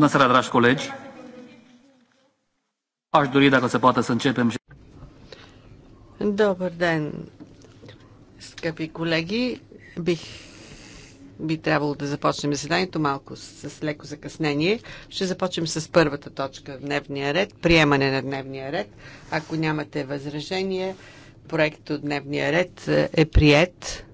Bună seara, dragi colegi! Aș dori, dacă se poate, să începem. Добър ден, скъпи колеги. Бих, би трябвало да започнем заседанието малко с леко закъснение. Ще започнем с първата точка в дневния ред, приемане на дневния ред. Ако нямате възражение, проектът от дневния ред е прият.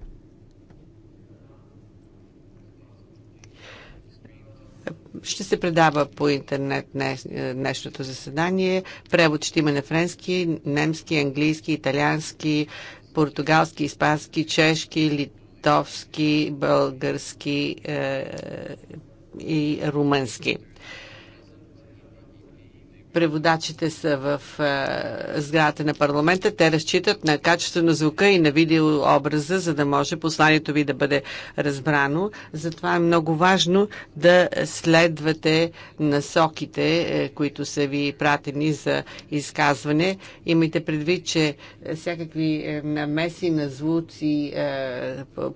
Ще се предава по интернет е, днешното заседание. Превод ще има на френски, немски, английски, италиански, португалски, испански, чешки, литовски, български е, и румънски преводачите са в е, сградата на парламента. Те разчитат на качество на звука и на видеообраза, за да може посланието ви да бъде разбрано. Затова е много важно да следвате насоките, е, които са ви пратени за изказване. Имайте предвид, че всякакви е, намеси на звуци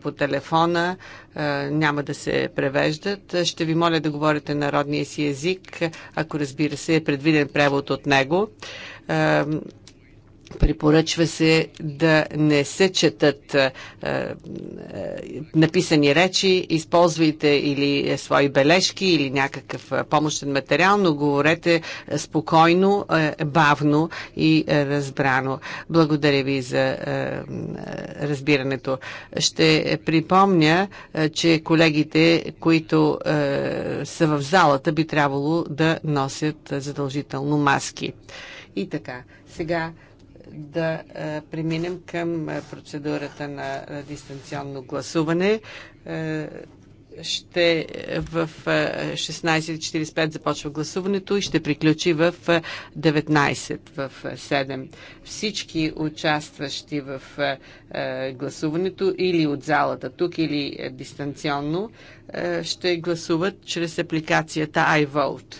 по, телефона няма да се превеждат. Ще ви моля да говорите народния си език, ако разбира се е предвиден превод от него. Препоръчва се да не се четат е, написани речи, използвайте или свои бележки, или някакъв помощен материал, но говорете спокойно, е, бавно и е, разбрано. Благодаря ви за е, разбирането. Ще припомня, е, че колегите, които е, са в залата, би трябвало да носят задължително маски. И така, сега да е, преминем към е, процедурата на е, дистанционно гласуване. Ще в 16.45 започва гласуването и ще приключи в 19 в 7. Всички участващи в гласуването или от залата тук, или дистанционно, ще гласуват чрез апликацията iVote.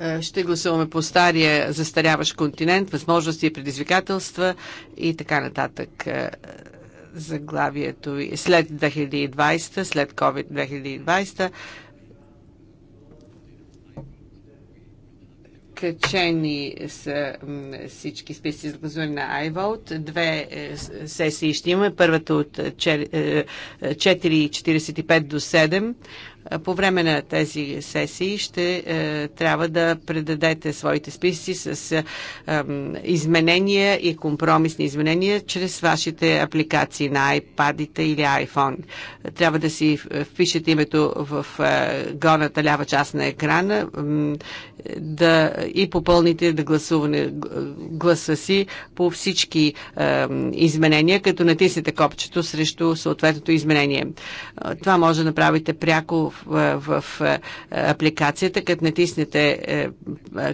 Е, ще гласуваме по стария застаряващ континент, възможности и предизвикателства и така нататък е, заглавието ви след 2020, след COVID-2020. Качени са всички списъци за гласуване на iVote. Две е, сесии ще имаме. Първата от 4.45 до 7 по време на тези сесии ще е, трябва да предадете своите списъци с е, изменения и компромисни изменения чрез вашите апликации на iPad-ите или iPhone. Трябва да си впишете името в е, горната лява част на екрана да и попълните да гласуване, гласа си по всички е, изменения, като натиснете копчето срещу съответното изменение. Това може да направите пряко в, в, в апликацията, като натиснете е,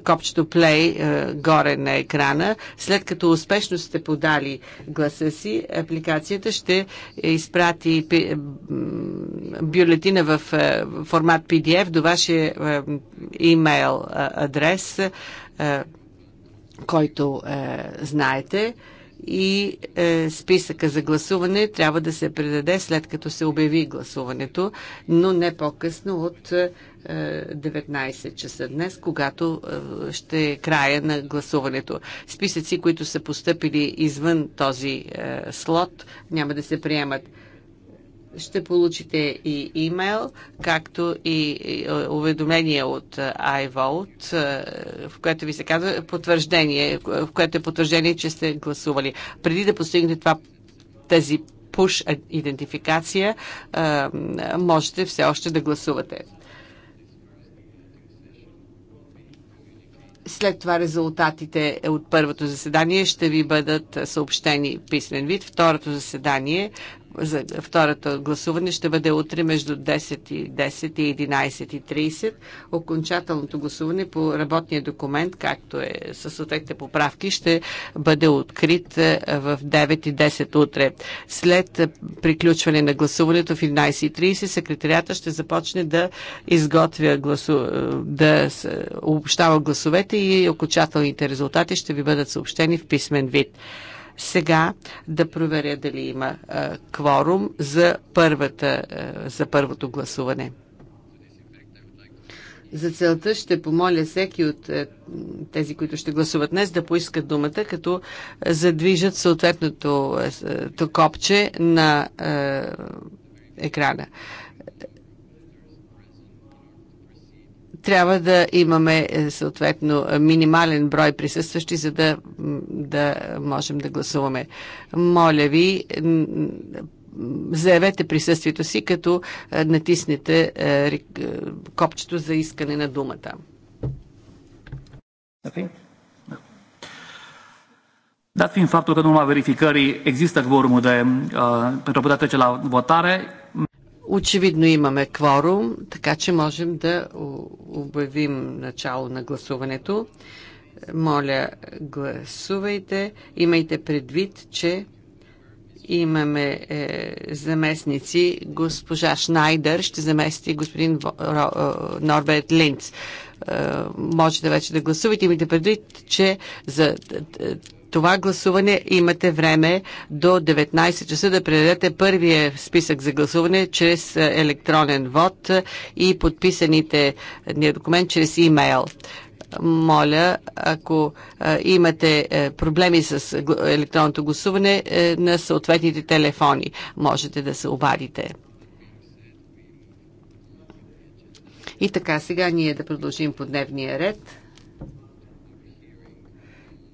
копчето Play е, горе на екрана. След като успешно сте подали гласа си, апликацията ще изпрати бюлетина в е, формат PDF до вашия е, имейл е, адрес, е, който е, знаете и е, списъка за гласуване трябва да се предаде след като се обяви гласуването, но не по-късно от е, 19 часа днес, когато е, ще е края на гласуването. Списъци, които са поступили извън този е, слот, няма да се приемат ще получите и имейл, както и е, уведомление от е, iVault, е, в което ви се казва потвърждение, в което е потвърждение, че сте гласували. Преди да постигнете това, тази пуш идентификация, можете все още да гласувате. След това резултатите от първото заседание ще ви бъдат съобщени писмен вид. Второто заседание за втората гласуване ще бъде утре между 10 и 10 и 11 и 30. Окончателното гласуване по работния документ, както е с съответните поправки, ще бъде открит е, в 9 и 10 утре. След е, приключване на гласуването в 11.30 секретарията ще започне да изготвя гласу... Е, да общава гласовете и окончателните резултати ще ви бъдат съобщени в писмен вид. Сега да проверя дали има а, кворум за, първата, а, за първото гласуване. За целта ще помоля всеки от тези, които ще гласуват днес, да поискат думата, като задвижат съответното копче на екрана. трябва да имаме е, съответно минимален брой присъстващи, за да, да можем да гласуваме. Моля ви, заявете присъствието си, като е, натиснете е, копчето за искане на думата. Да, Dat fiind faptul că în urma verificării există quorumul de, uh, pentru a putea trece la votare, Очевидно имаме кворум, така че можем да обявим начало на гласуването. Моля, гласувайте. Имайте предвид, че имаме е, заместници. Госпожа Шнайдер ще замести господин е, Норберт Линц. Е, можете вече да гласувате. Имайте предвид, че за е, това гласуване имате време до 19 часа да предадете първия списък за гласуване чрез е, електронен вод и подписаните е, документ чрез имейл моля, ако е, имате проблеми с електронното гласуване на съответните телефони, можете да се обадите. И така, сега ние да продължим по дневния ред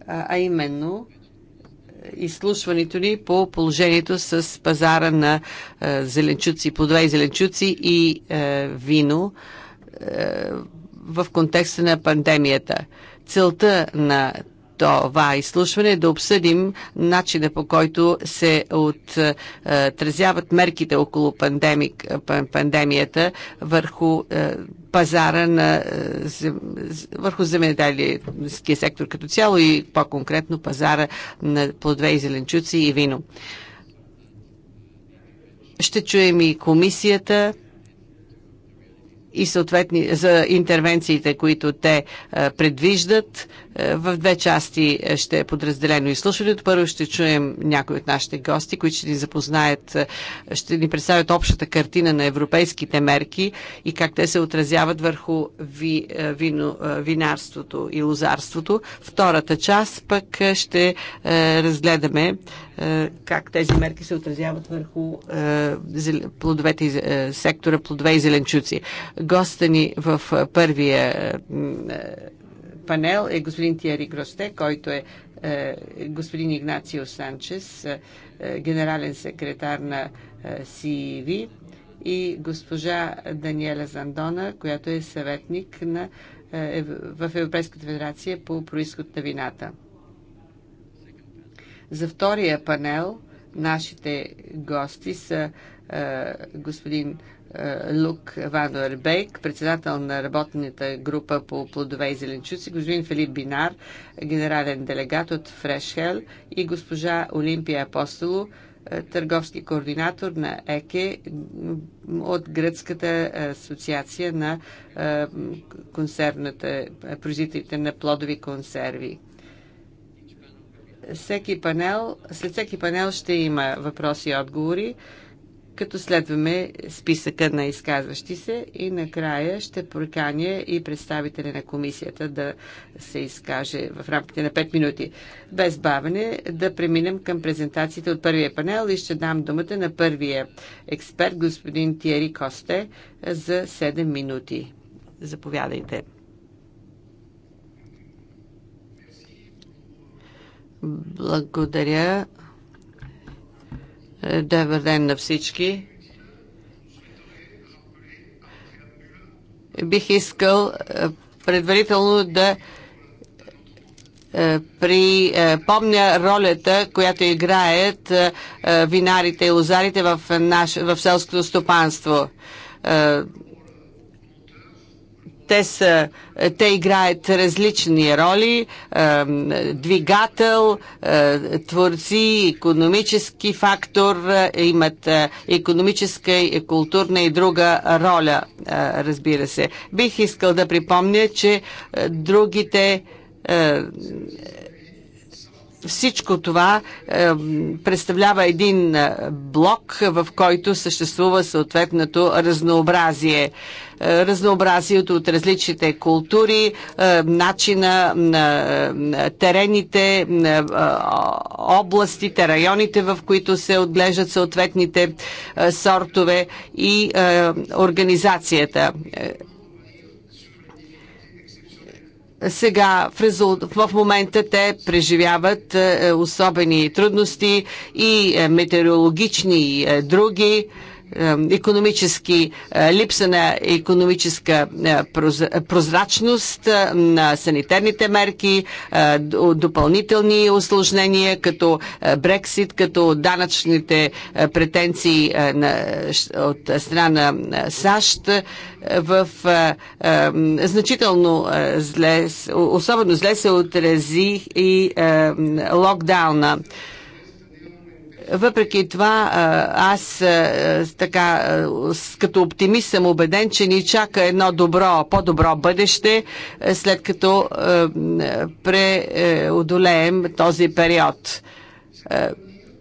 а именно е, изслушването ни по положението с пазара на е, зеленчуци, плодове и зеленчуци и е, вино в контекста на пандемията. Целта на това изслушване да обсъдим начина по който се отразяват мерките около пандемик, пандемията върху е, пазара на е, върху земеделския сектор като цяло и по-конкретно пазара на плодове и зеленчуци и вино. Ще чуем и комисията и съответни за интервенциите, които те е, предвиждат. Е, в две части е, ще е подразделено изслушването. Първо ще чуем някои от нашите гости, които ще ни запознаят, ще ни представят общата картина на европейските мерки и как те се отразяват върху ви, вино, винарството и лозарството. Втората част пък ще разгледаме е, как тези мерки се отразяват върху е, плодовете, е, сектора плодове и зеленчуци. Госта ни в първия панел е господин Тиери Гросте, който е господин Игнацио Санчес, генерален секретар на СИВИ и госпожа Даниела Зандона, която е съветник на, в Европейската федерация по происход на вината. За втория панел нашите гости са е, господин е, Лук Вануербейк, председател на работната група по плодове и зеленчуци, господин Филип Бинар, генерален делегат от Фрешхел и госпожа Олимпия Апостоло, е, търговски координатор на ЕКЕ от Гръцката асоциация на е, консервната, е, производителите на плодови консерви. Всеки панел, след всеки панел ще има въпроси и отговори, като следваме списъка на изказващи се и накрая ще проканя и представителя на комисията да се изкаже в рамките на 5 минути. Без бавене да преминем към презентациите от първия панел и ще дам думата на първия експерт, господин Тиери Косте, за 7 минути. Заповядайте. Благодаря. Добър ден на всички. Бих искал е, предварително да е, припомня е, ролята, която играят винарите и лозарите в, наш, в селското стопанство те, са, те играят различни роли, е, двигател, е, творци, економически фактор, е, имат економическа, и културна и друга роля, разбира се. Бих искал да припомня, че другите всичко това е, представлява един е, блок, в който съществува съответното разнообразие. Е, Разнообразието от различните култури, е, начина на е, терените, на областите, районите, в които се отглеждат съответните сортове и е, организацията сега в, резулт, в момента те преживяват е, особени трудности и е, метеорологични и е, други економически, липса на економическа прозрачност на санитарните мерки, допълнителни осложнения, като Брексит, като данъчните претенции от страна на САЩ в значително зле, особено зле се отрази и локдауна. Въпреки това, аз така, като оптимист съм убеден, че ни чака едно добро, по-добро бъдеще, е, след като преодолеем този период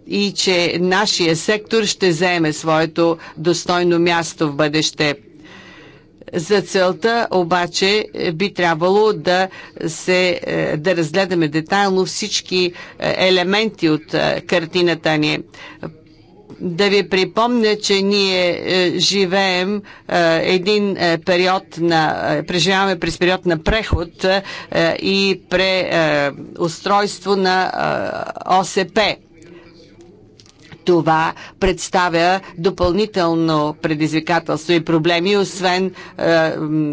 и че нашия сектор ще заеме своето достойно място в бъдеще. За целта обаче би трябвало да, се, е, да разгледаме детайлно всички е, елементи от е, картината ни. Да ви припомня, че ние живеем един период на, преживяваме през период на преход и преустройство на ОСП това представя допълнително предизвикателство и проблеми, освен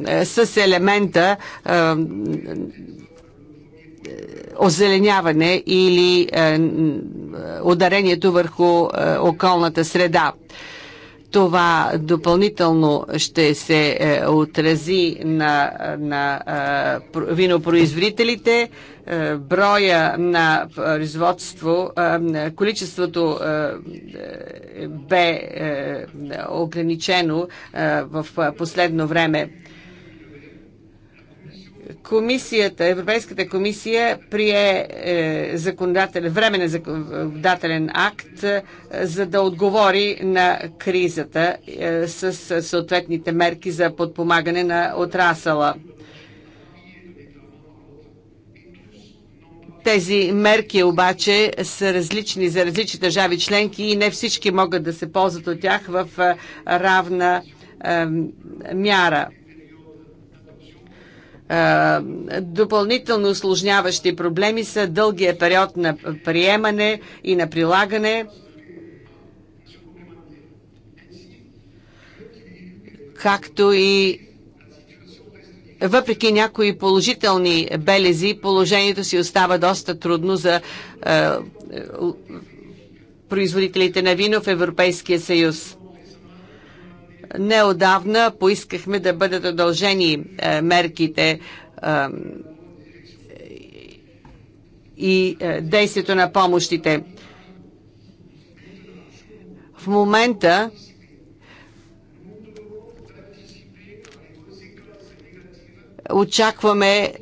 е, с елемента е, озеленяване или е, ударението върху е, околната среда. Това допълнително ще се е, отрази на, на е, винопроизводителите, е, броя на производство, количеството бе ограничено в последно време Комисията, Европейската комисия прие е, законодателен, временен законодателен акт, е, за да отговори на кризата е, с съответните мерки за подпомагане на отрасала. Тези мерки обаче са различни за различни държави членки и не всички могат да се ползват от тях в е, равна е, мяра допълнително осложняващи проблеми са дългия период на приемане и на прилагане, както и въпреки някои положителни белези, положението си остава доста трудно за е, производителите на вино в Европейския съюз. Неодавна поискахме да бъдат удължени е, мерките е, и е, действието на помощите. В момента очакваме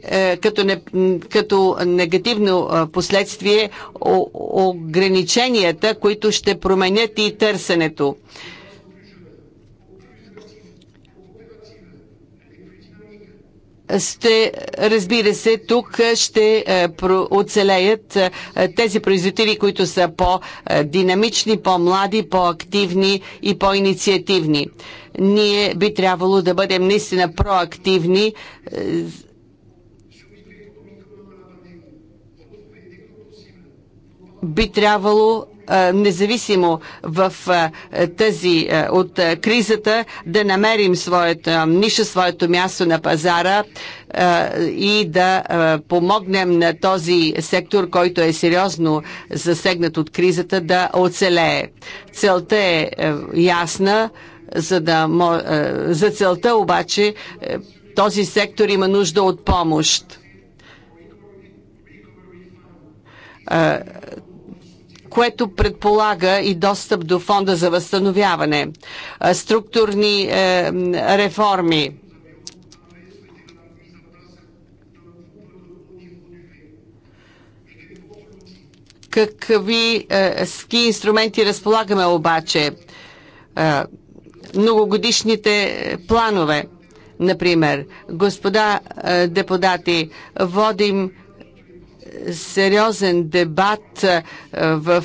като, не, като негативно последствие ограниченията, които ще променят и търсенето. ще, разбира се, тук ще е, оцелеят е, тези производители, които са по-динамични, по-млади, по-активни и по-инициативни. Ние би трябвало да бъдем наистина проактивни. Е, би трябвало независимо в тази от кризата, да намерим своята ниша, своето място на пазара и да помогнем на този сектор, който е сериозно засегнат от кризата, да оцелее. Целта е, е ясна, за, да, за целта обаче е, този сектор има нужда от помощ което предполага и достъп до фонда за възстановяване, структурни е, реформи. Какви е, ски инструменти разполагаме обаче? Е, многогодишните планове. Например, господа депутати, водим сериозен дебат, е, в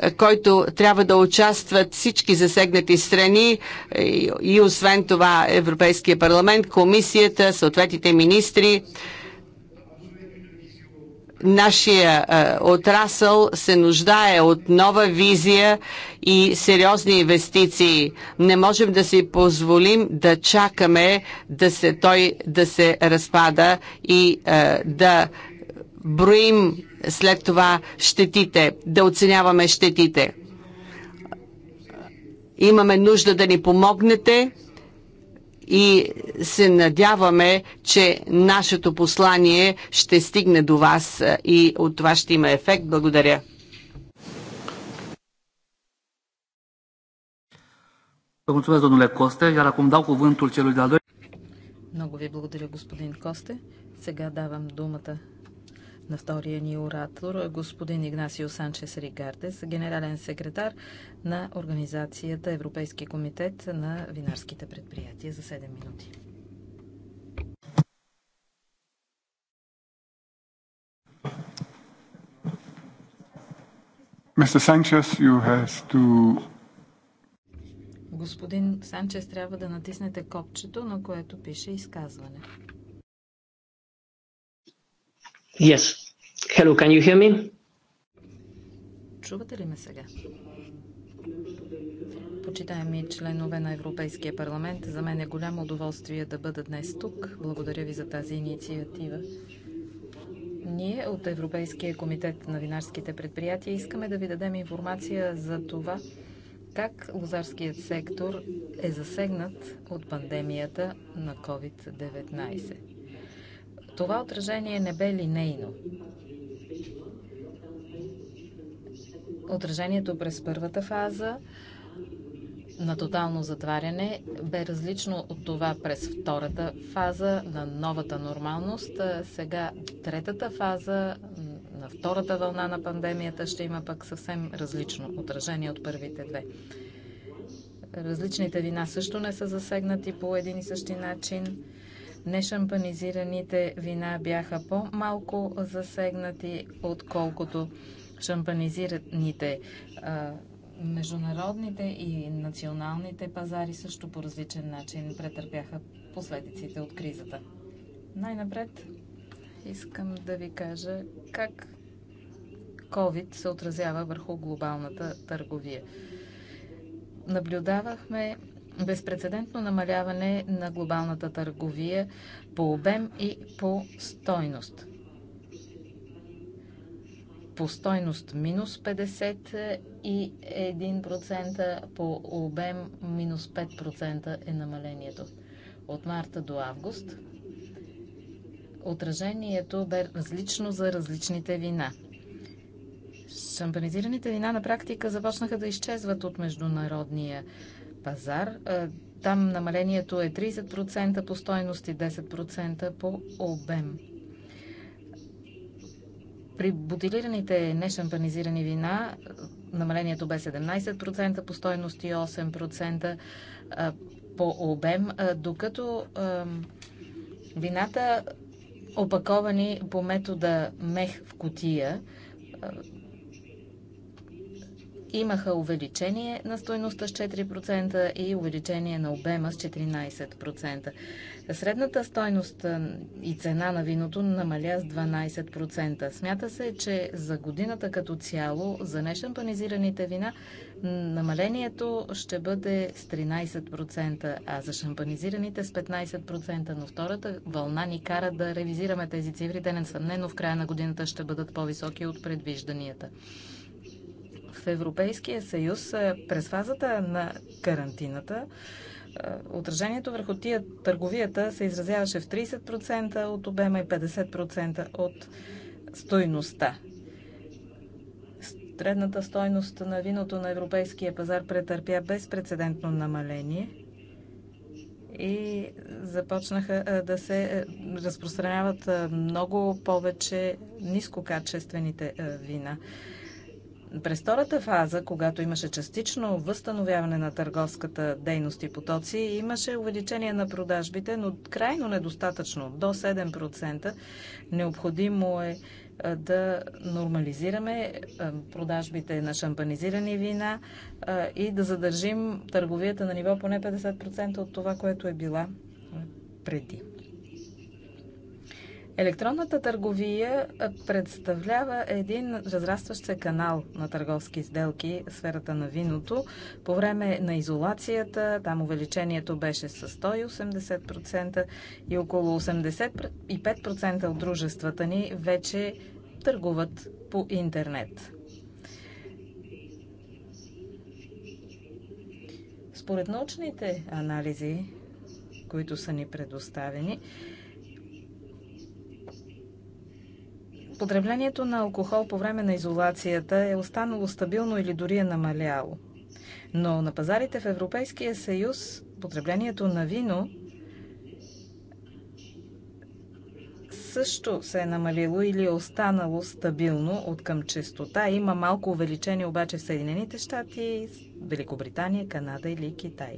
е, който трябва да участват всички засегнати страни и освен това Европейския парламент, комисията, съответните министри нашия е, отрасъл се нуждае от нова визия и сериозни инвестиции. Не можем да си позволим да чакаме да се, той да се разпада и да броим след това щетите, да оценяваме щетите. Имаме нужда да ни помогнете и се надяваме, че нашето послание ще стигне до вас и от това ще има ефект. Благодаря. mulțumesc, domnule iar acum dau cuvântul celui de-al doilea. Много ви благодаря, господин Косте. Сега давам думата на втория ни оратор, господин Игнасио Санчес Ригардес, генерален секретар на Организацията Европейски комитет на винарските предприятия за 7 минути. Mr. Sanchez, you have to... Господин Санчес, трябва да натиснете копчето, на което пише изказване. Yes. Hello, can you hear me? Чувате ли ме сега? Почитаеми членове на Европейския парламент, за мен е голямо удоволствие да бъда днес тук. Благодаря ви за тази инициатива. Ние от Европейския комитет на винарските предприятия искаме да ви дадем информация за това, как лозарският сектор е засегнат от пандемията на COVID-19. Това отражение не бе линейно. Отражението през първата фаза на тотално затваряне бе различно от това през втората фаза на новата нормалност. Сега третата фаза на втората вълна на пандемията ще има пък съвсем различно отражение от първите две. Различните вина също не са засегнати по един и същи начин. Нешампанизираните вина бяха по-малко засегнати, отколкото шампанизираните. Международните и националните пазари също по различен начин претърпяха последиците от кризата. Най-напред искам да ви кажа как COVID се отразява върху глобалната търговия. Наблюдавахме безпредседентно намаляване на глобалната търговия по обем и по стойност. По стойност минус 51%, по обем минус 5% е намалението. От марта до август отражението бе различно за различните вина. Шампанизираните вина на практика започнаха да изчезват от международния пазар. Е, там намалението е 30% по стойност и 10% по обем. При бутилираните нешампанизирани вина е, намалението бе 17% по стойност и 8% е, по обем, докато вината опаковани по метода мех в котия имаха увеличение на стоеността с 4% и увеличение на обема с 14%. Средната стойност и цена на виното намаля с 12%. Смята се, че за годината като цяло за нешампанизираните вина намалението ще бъде с 13%, а за шампанизираните с 15%. Но втората вълна ни кара да ревизираме тези цифри. Те несъмнено в края на годината ще бъдат по-високи от предвижданията. Европейския съюз е, през фазата на карантината е, отражението върху тия търговията се изразяваше в 30% от обема и 50% от стойността. Средната стойност на виното на европейския пазар претърпя безпредседентно намаление и започнаха е, да се разпространяват много повече нискокачествените вина. През втората фаза, когато имаше частично възстановяване на търговската дейност и потоци, имаше увеличение на продажбите, но крайно недостатъчно, до 7%. Необходимо е да нормализираме продажбите на шампанизирани вина и да задържим търговията на ниво поне 50% от това, което е била преди. Електронната търговия представлява един разрастващ се канал на търговски сделки в сферата на виното. По време на изолацията там увеличението беше с 180% и около 85% от дружествата ни вече търгуват по интернет. Според научните анализи, които са ни предоставени, Потреблението на алкохол по време на изолацията е останало стабилно или дори е намаляло. Но на пазарите в Европейския съюз потреблението на вино също се е намалило или е останало стабилно от към чистота. Има малко увеличение обаче в Съединените щати, Великобритания, Канада или Китай.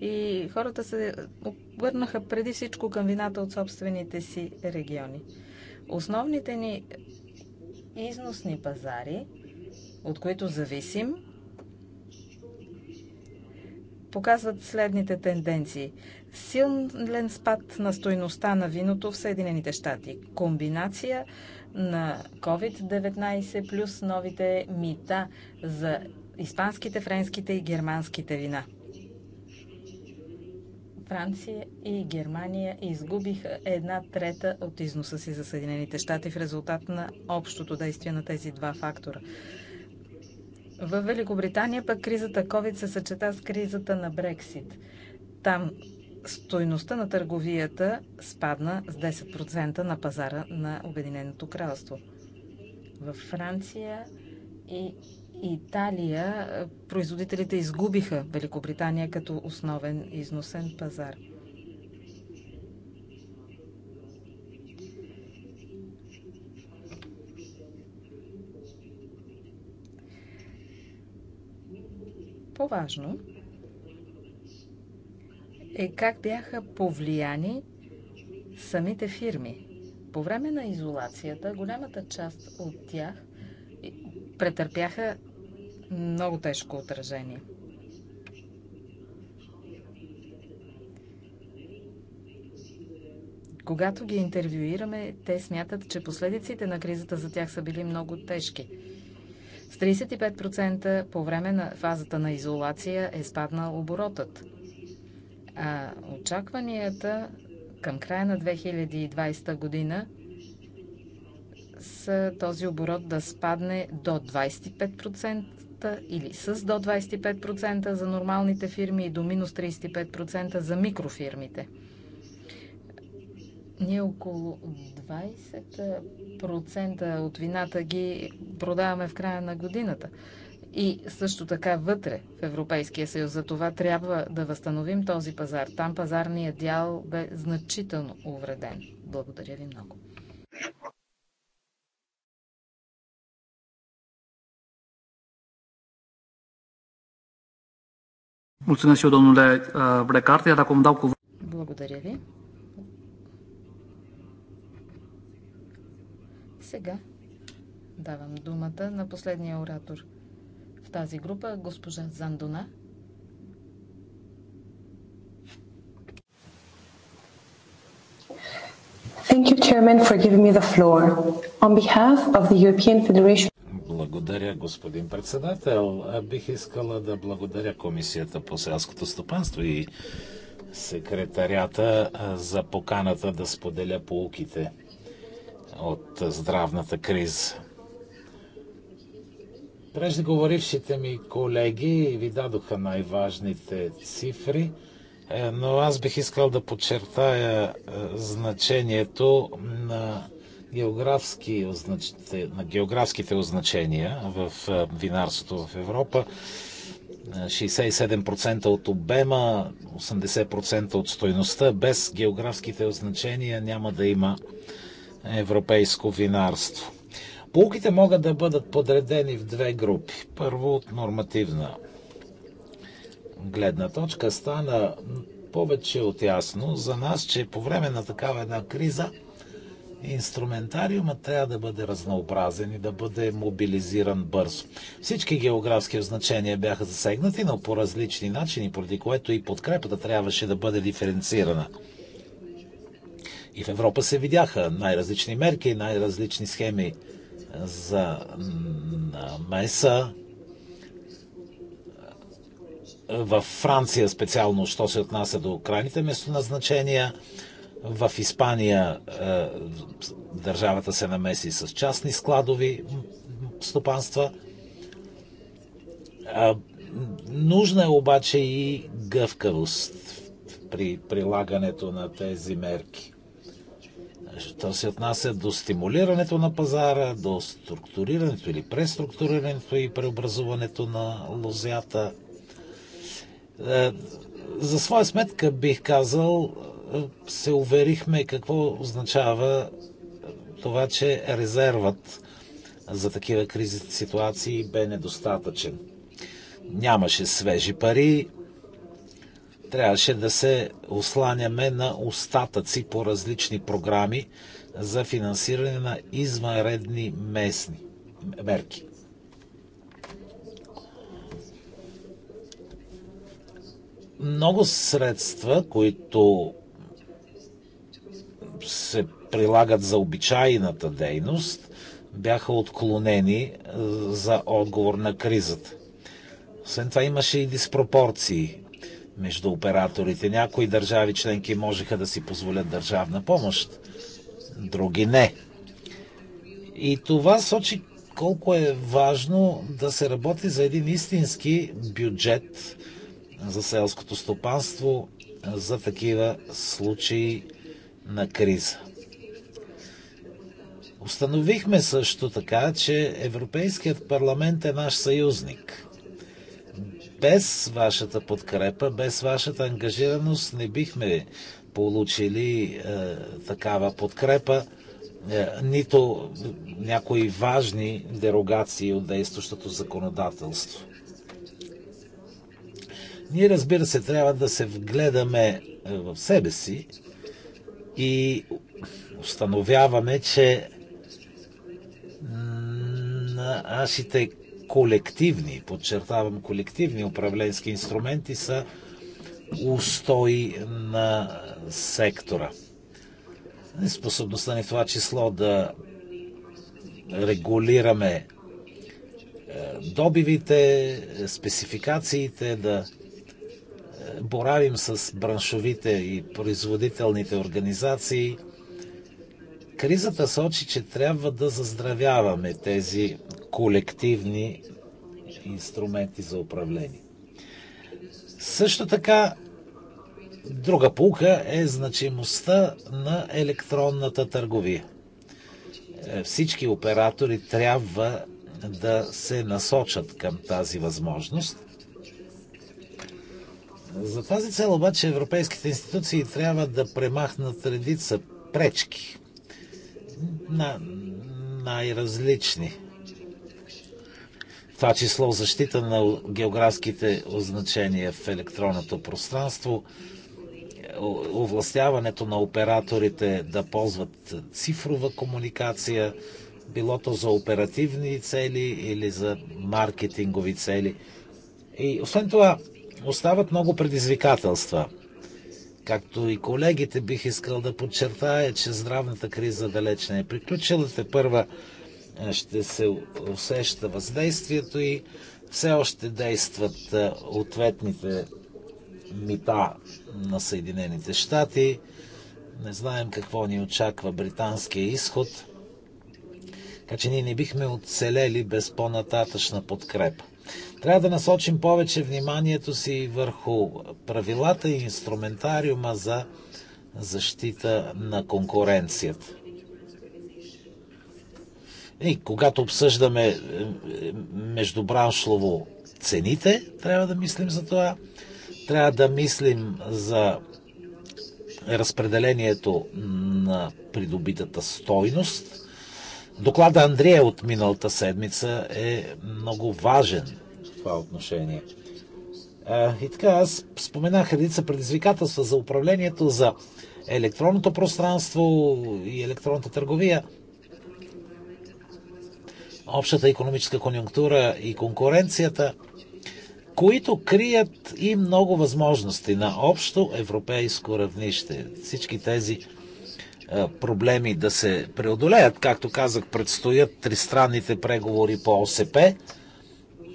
И хората се обърнаха преди всичко към вината от собствените си региони. Основните ни износни пазари, от които зависим, показват следните тенденции. Силен спад на стойността на виното в Съединените щати. Комбинация на COVID-19 плюс новите мита за испанските, френските и германските вина – Франция и Германия изгубиха една трета от износа си за Съединените щати в резултат на общото действие на тези два фактора. В Великобритания пък кризата COVID се съчета с кризата на Брексит. Там стойността на търговията спадна с 10% на пазара на Обединеното кралство. В Франция и Италия е, производителите изгубиха Великобритания като основен износен пазар. По-важно е как бяха повлияни самите фирми. По време на изолацията, голямата част от тях претърпяха много тежко отражение. Когато ги интервюираме, те смятат, че последиците на кризата за тях са били много тежки. С 35% по време на фазата на изолация е спаднал оборотът. А очакванията към края на 2020 година с този оборот да спадне до 25%, 25% или с до 25% за нормалните фирми и до минус 35% за микрофирмите. Ние около 20% от вината ги продаваме в края на годината. И също така вътре в Европейския съюз. За това трябва да възстановим този пазар. Там пазарният дял бе значително увреден. Благодаря ви много. Mulțumesc și eu, domnule Brecart, iar acum dau cuvânt. Благодаря ви. Сега давам думата на последния оратор в тази група, госпожа Зандона. Thank you, Chairman, for giving me the floor. On behalf of the European Federation благодаря, господин председател. Бих искала да благодаря Комисията по селското стопанство и секретарята за поканата да споделя полуките от здравната криза. Преждеговорившите ми колеги ви дадоха най-важните цифри, е, но аз бих искал да подчертая е, значението на географски, на географските означения в винарството в Европа. 67% от обема, 80% от стойността. Без географските означения няма да има европейско винарство. Полуките могат да бъдат подредени в две групи. Първо от нормативна гледна точка стана повече от ясно за нас, че по време на такава една криза – инструментариумът трябва да бъде разнообразен и да бъде мобилизиран бързо. Всички географски означения бяха засегнати, но по различни начини, поради което и подкрепата трябваше да бъде диференцирана. И в Европа се видяха най-различни мерки, най-различни схеми за меса. Във Франция специално, що се отнася до крайните местоназначения, в Испания е, държавата се намеси с частни складови стопанства. Е, нужна е обаче и гъвкавост при прилагането на тези мерки. Що се отнася до стимулирането на пазара, до структурирането или преструктурирането и преобразуването на лозята. Е, за своя сметка бих казал, се уверихме какво означава това, че резервът за такива кризи ситуации бе недостатъчен. Нямаше свежи пари, трябваше да се осланяме на остатъци по различни програми за финансиране на извънредни местни мерки. Много средства, които се прилагат за обичайната дейност, бяха отклонени е, за отговор на кризата. Освен това имаше и диспропорции между операторите. Някои държави членки можеха да си позволят държавна помощ, други не. И това сочи колко е важно да се работи за един истински бюджет за селското стопанство за такива случаи на криза. Установихме също така, че Европейският парламент е наш съюзник. Без вашата подкрепа, без вашата ангажираност не бихме получили е, такава подкрепа, е, нито някои важни дерогации от действащото законодателство. Ние, разбира се, трябва да се вгледаме е, в себе си и установяваме, че нашите колективни, подчертавам колективни управленски инструменти са устой на сектора. Способността ни в това число да регулираме е, добивите, спецификациите, да боравим с браншовите и производителните организации. Кризата сочи, че трябва да заздравяваме тези колективни инструменти за управление. Също така, друга пулка е значимостта на електронната търговия. Е, всички оператори трябва да се насочат към тази възможност – за тази цел обаче европейските институции трябва да премахнат редица пречки на най-различни. Това число защита на географските означения в електронното пространство, овластяването на операторите да ползват цифрова комуникация, било то за оперативни цели или за маркетингови цели. И освен това, Остават много предизвикателства. Както и колегите, бих искал да подчертая, че здравната криза далеч не е приключила. Те първа е, ще се усеща въздействието и все още действат е, ответните мита на Съединените щати. Не знаем какво ни очаква британския изход – така че ние не бихме оцелели без по-нататъчна подкрепа. Трябва да насочим повече вниманието си върху правилата и инструментариума за защита на конкуренцията. И когато обсъждаме е, е, междубраншлово цените, трябва да мислим за това. Трябва да мислим за разпределението на придобитата стойност Доклада Андрея от миналата седмица е много важен в това отношение. И така, аз споменах редица предизвикателства за управлението, за електронното пространство и електронната търговия, общата економическа конъюнктура и конкуренцията, които крият и много възможности на общо европейско равнище. Всички тези проблеми да се преодолеят. Както казах, предстоят тристранните преговори по ОСП.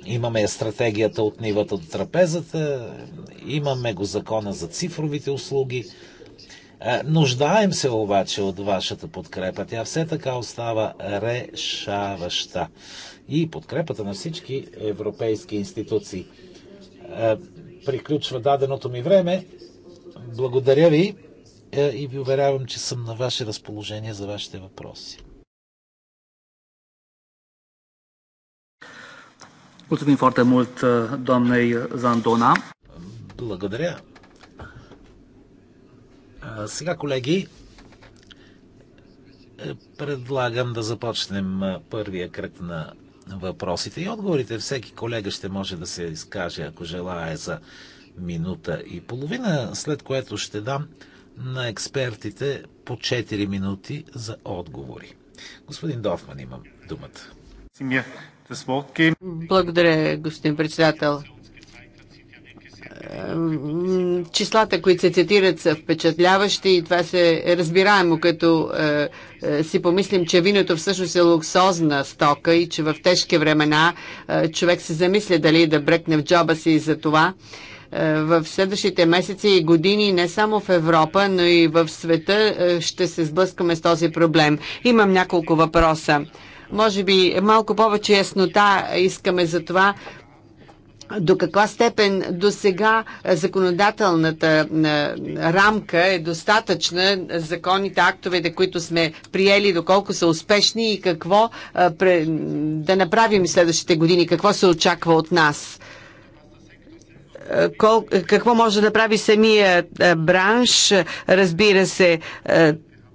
Имаме стратегията от нивата до трапезата, имаме го закона за цифровите услуги. Нуждаем се обаче от вашата подкрепа. Тя все така остава решаваща. И подкрепата на всички европейски институции. Приключва даденото ми време. Благодаря ви. Е, и ви уверявам, че съм на ваше разположение за вашите въпроси. Mulțumim foarte mult е, doamnei Zandona. Благодаря. сега, колеги, е, предлагам да започнем първия кръг на въпросите и отговорите. Всеки колега ще може да се изкаже, ако желая, за минута и половина, след което ще дам на експертите по 4 минути за отговори. Господин Дофман имам думата. Благодаря, господин председател. Числата, които се цитират, са впечатляващи и това се разбираемо, като е, е, си помислим, че виното всъщност е луксозна стока и че в тежки времена е, човек се замисля дали да брекне в джоба си за това. Е, в следващите месеци и години не само в Европа, но и в света е, ще се сблъскаме с този проблем. Имам няколко въпроса. Може би малко повече яснота искаме за това до каква степен до сега законодателната е, рамка е достатъчна, законите, актовете, които сме приели, доколко са успешни и какво да направим следващите години, какво се очаква от нас? кол, какво може да прави самия е, бранш. Разбира се, е,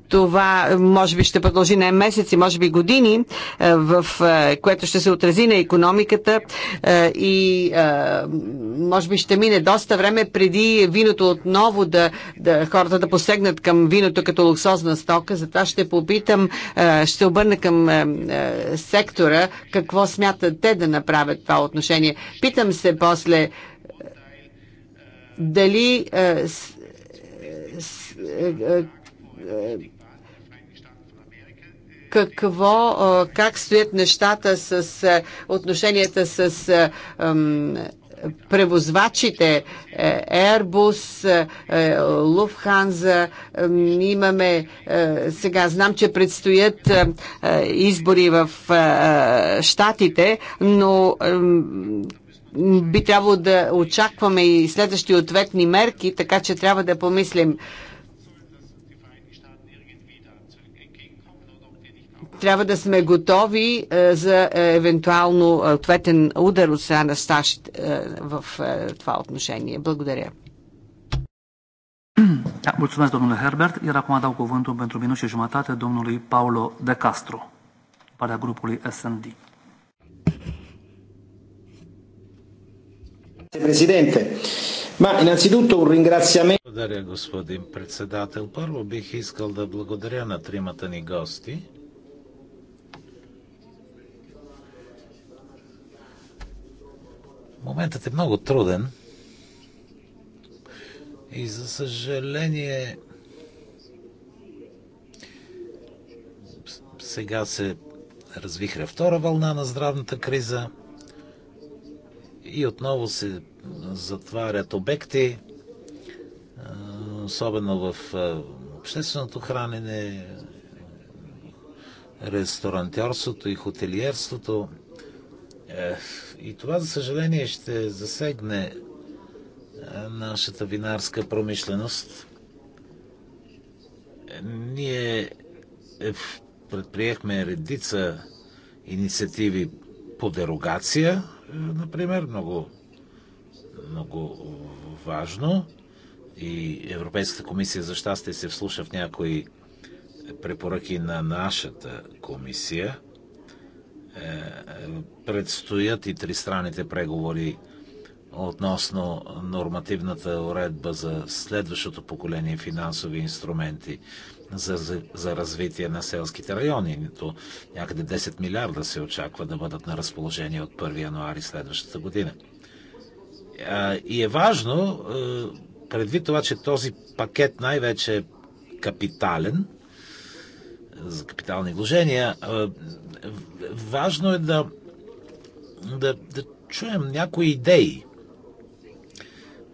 това може би ще продължи не месеци, може би години, е, в което ще се отрази на економиката и може би ще мине доста време преди виното отново да, да хората да посегнат към виното като луксозна стока. Затова ще попитам, ще обърна към сектора какво смятат те да направят това отношение. Питам се после дали е, е, е, какво, как стоят нещата с отношенията с превозвачите Airbus, Lufthansa. Имаме, сега знам, че предстоят избори в Штатите, но би трябвало да очакваме и следващи ответни мерки, така че трябва да помислим. Трябва да сме готови е, за е, евентуално е, ответен удар от страна на САЩ в това отношение. Благодаря. Da, mulțumesc, domnule Herbert. Iar acum dau cuvântul pentru minut și jumătate domnului Paolo De Castro, partea grupului SND. Presidente. Ma innanzitutto un ringraziamento. Благодаря, господин председател. Първо бих искал да благодаря на тримата ни гости. Моментът е много труден. И за съжаление сега се развихря втора вълна на здравната криза. И отново се затварят обекти, особено в общественото хранене, ресторантьорството и хотелиерството. И това, за съжаление, ще засегне нашата винарска промишленост. Ние е, предприехме редица инициативи по дерогация – например, много, много важно. И Европейската комисия за щастие се вслуша в някои препоръки на нашата комисия. Е, е, предстоят и тристранните преговори относно нормативната уредба за следващото поколение финансови инструменти за, за, за развитие на селските райони. Нито някъде 10 милиарда се очаква да бъдат на разположение от 1 януари следващата година. И е важно, е, предвид това, че този пакет най-вече е капитален, за капитални вложения, е, важно е да, да, да чуем някои идеи.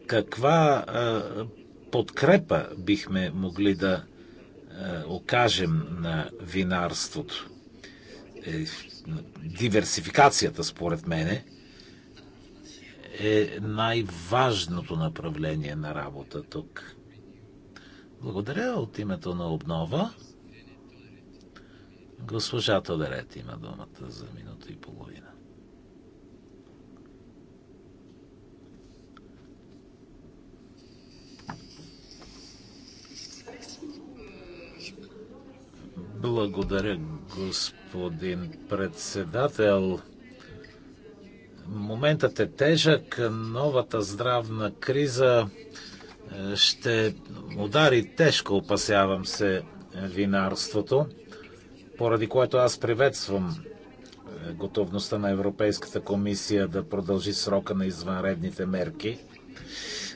Каква е, подкрепа бихме могли да, е, окажем на винарството. Е, диверсификацията, според мене, е най-важното направление на работа тук. Благодаря от името на обнова. Госпожа Тодерет има думата за минута и половина. Благодаря, господин председател. Моментът е тежък. Новата здравна криза е, ще удари тежко, опасявам се, винарството, поради което аз приветствам е, готовността на Европейската комисия да продължи срока на извънредните мерки.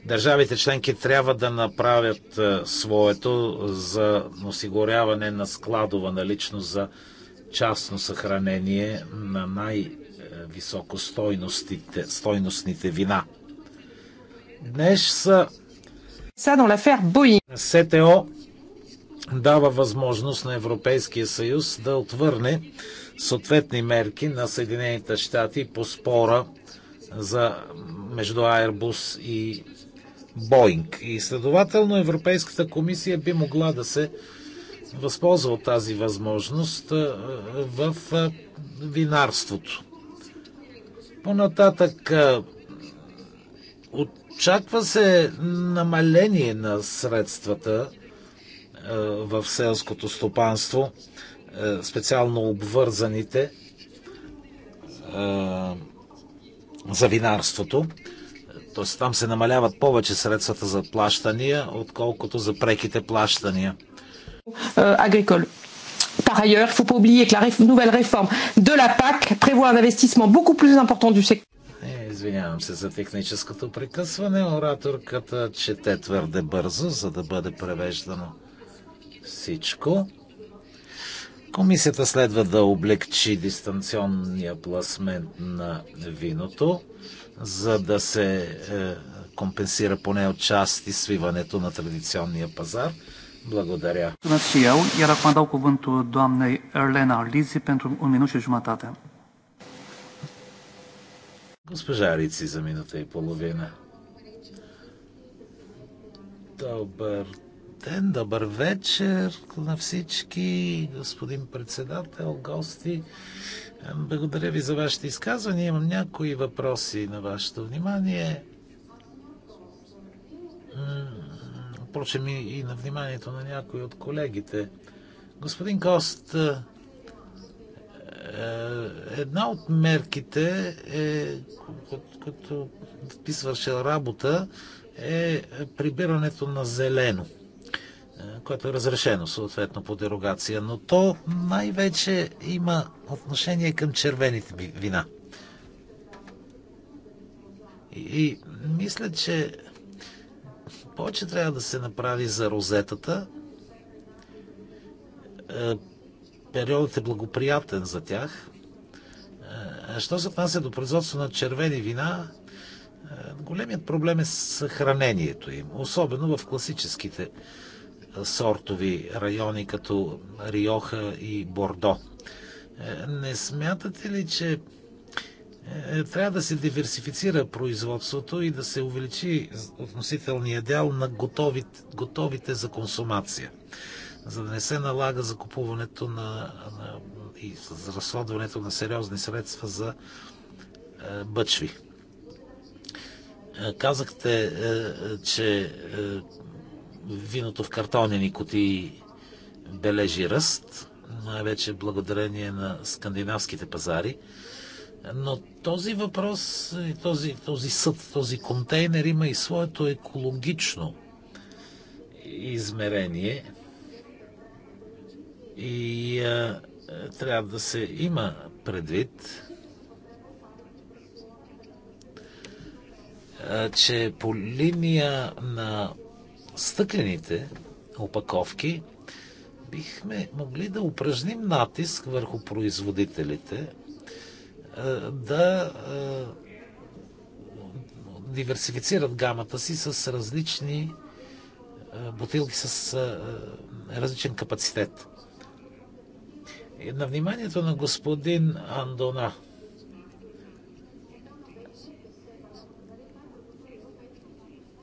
Държавите членки трябва да направят е, своето за осигуряване на складова наличност за частно съхранение на най-високо стойностните вина. Днес са СТО дава възможност на Европейския съюз да отвърне съответни мерки на Съединените щати по спора за между Airbus и Боинг. И следователно Европейската комисия би могла да се възползва от тази възможност в винарството. Понататък очаква се намаление на средствата в селското стопанство, специално обвързаните за винарството. Тоест там се намаляват повече средствата за плащания, отколкото за преките плащания. Агрикол. Э, Par ailleurs, il ne faut pas oublier que la nouvelle réforme de la PAC prévoit un investissement beaucoup plus important du secteur. Е, извинявам се за техническото прекъсване. Ораторката чете твърде бързо, за да бъде превеждано всичко. Комисията следва да облегчи дистанционния пласмент на виното за да се е, компенсира поне от части свиването на традиционния пазар. Благодаря. și eu, iar acum dau cuvântul doamnei Erlena Lizi pentru un minut și jumătate. Госпожа Рици за минута и половина. Добър ден, добър вечер на всички, господин председател, гости. Благодаря ви за вашите изказвания. Имам някои въпроси на вашето внимание. Впрочем и на вниманието на някои от колегите. Господин Кост, е, една от мерките е, като ти свършил работа, е прибирането на зелено – което е разрешено съответно по дерогация, но то най-вече има отношение към червените вина. И, и мисля, че повече трябва да се направи за розетата. Е, периодът е благоприятен за тях. Е, що се отнася до производство на червени вина, е, големият проблем е съхранението им, особено в класическите сортови райони, като Риоха и Бордо. Е, не смятате ли, че е, трябва да се диверсифицира производството и да се увеличи относителния дял на готовите, готовите за консумация, за да не се налага закупуването на, на и разходването на сериозни средства за е, бъчви. Е, казахте, е, че е, виното в картонени кутии бележи ръст, най-вече благодарение на скандинавските пазари. Но този въпрос, този, този съд, този контейнер има и своето екологично измерение. И а, трябва да се има предвид, а, че по линия на стъклените опаковки, бихме могли да упражним натиск върху производителите е, да е, диверсифицират гамата си с различни е, бутилки с различен капацитет. на вниманието на господин Андона –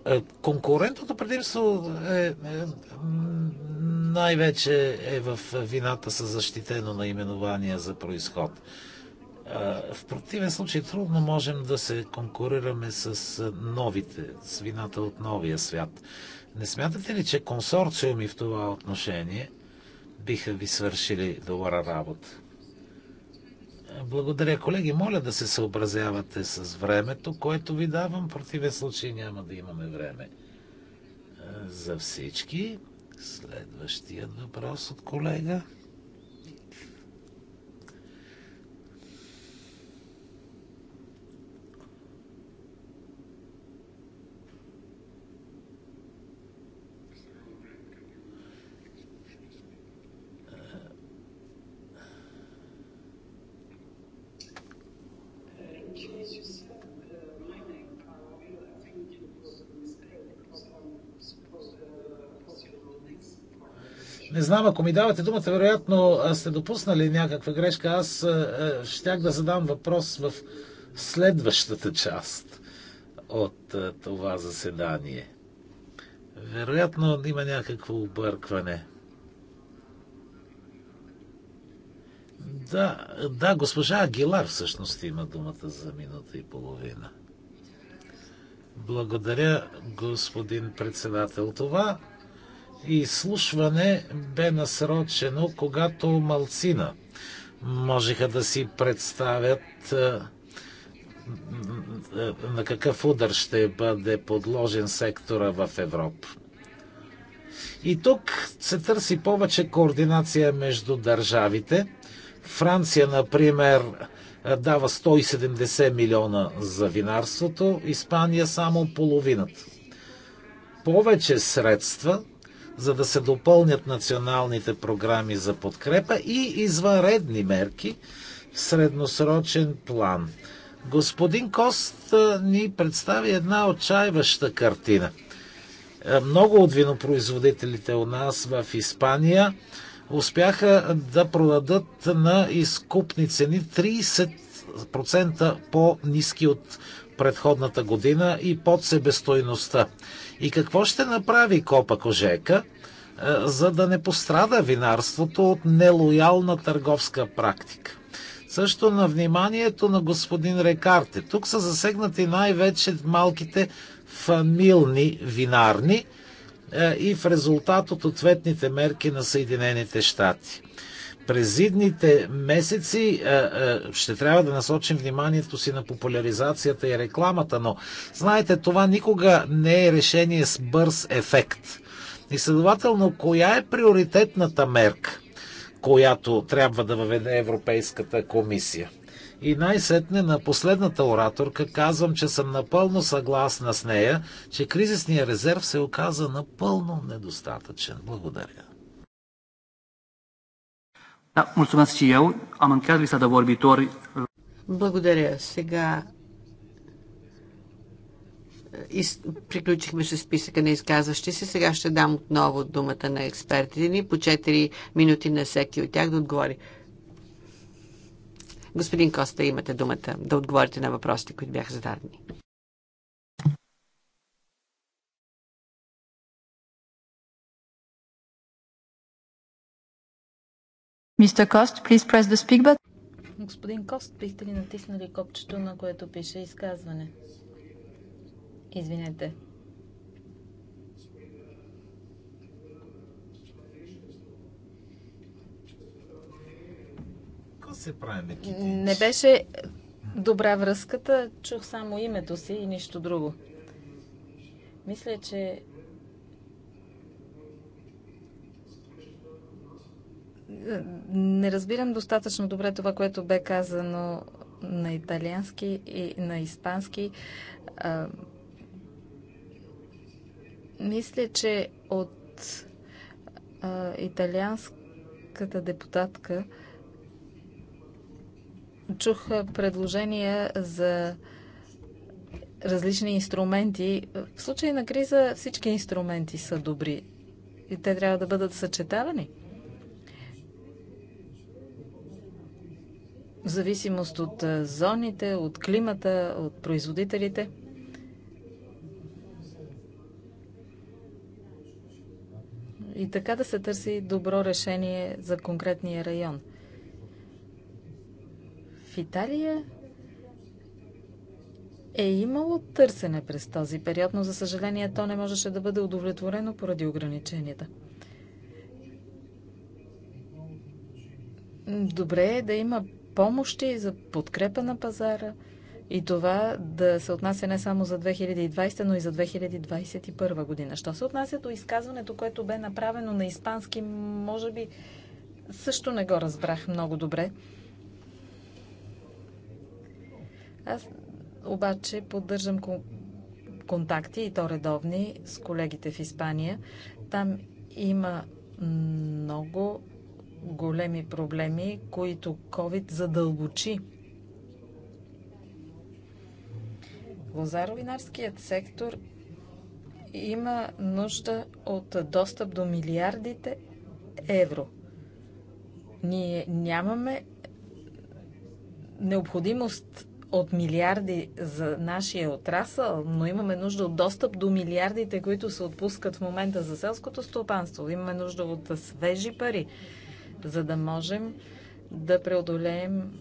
Е, конкурентното предимство е, е, най-вече е в вината с защитено наименование за происход. Е, в противен случай трудно можем да се конкурираме с новите, с вината от новия свят. Не смятате ли, че консорциуми в това отношение биха ви свършили добра работа? Благодаря, колеги. Моля да се съобразявате с времето, което ви давам. В противен случай няма да имаме време е, за всички. Следващият въпрос от колега. знам, ако ми давате думата, вероятно сте допуснали някаква грешка. Аз щях да задам въпрос в следващата част от това заседание. Вероятно има някакво объркване. Да, да, госпожа Агилар всъщност има думата за минута и половина. Благодаря, господин председател. Това изслушване бе насрочено, когато малцина можеха да си представят е, е, е, на какъв удар ще бъде подложен сектора в Европа. И тук се търси повече координация между държавите. Франция, например, дава 170 милиона за винарството, Испания само половината. Повече средства за да се допълнят националните програми за подкрепа и извънредни мерки в средносрочен план. Господин Кост ни представи една отчаиваща картина. Много от винопроизводителите у нас в Испания успяха да продадат на изкупни цени 30% по-низки от предходната година и под себестойността. И какво ще направи Копа Кожека, е, за да не пострада винарството от нелоялна търговска практика? Също на вниманието на господин Рекарте. Тук са засегнати най-вече малките фамилни винарни е, и в резултат от ответните мерки на Съединените щати през идните месеци е, е, ще трябва да насочим вниманието си на популяризацията и рекламата, но знаете, това никога не е решение с бърз ефект. И следователно, коя е приоритетната мерка, която трябва да въведе Европейската комисия? И най-сетне на последната ораторка казвам, че съм напълно съгласна с нея, че кризисният резерв се оказа напълно недостатъчен. Благодаря și eu. Am încheiat lista de vorbitori. Благодаря. Сега из... приключихме с списъка на изказващи се. Сега ще дам отново думата на експертите ни по 4 минути на всеки от тях да отговори. Господин Коста, имате думата да отговорите на въпросите, които бяха зададени. Mr. Cost, please press the speak button. Господин Кост, бихте ли натиснали копчето, на което пише изказване? Извинете. се Не беше добра връзката, чух само името си и нищо друго. Мисля, че не разбирам достатъчно добре това, което бе казано на италиански и на испански. А, мисля, че от а, италианската депутатка чух предложения за различни инструменти. В случай на криза всички инструменти са добри и те трябва да бъдат съчетавани. в зависимост от зоните, от климата, от производителите. И така да се търси добро решение за конкретния район. В Италия е имало търсене през този период, но за съжаление то не можеше да бъде удовлетворено поради ограниченията. Добре е да има помощи за подкрепа на пазара и това да се отнася не само за 2020, но и за 2021 година. Що се отнася до изказването, което бе направено на испански, може би също не го разбрах много добре. Аз обаче поддържам контакти и то редовни с колегите в Испания. Там има много големи проблеми, които COVID задълбочи. Лозаровинарският сектор има нужда от достъп до милиардите евро. Ние нямаме необходимост от милиарди за нашия отрасъл, но имаме нужда от достъп до милиардите, които се отпускат в момента за селското стопанство. Имаме нужда от свежи пари за да можем да преодолеем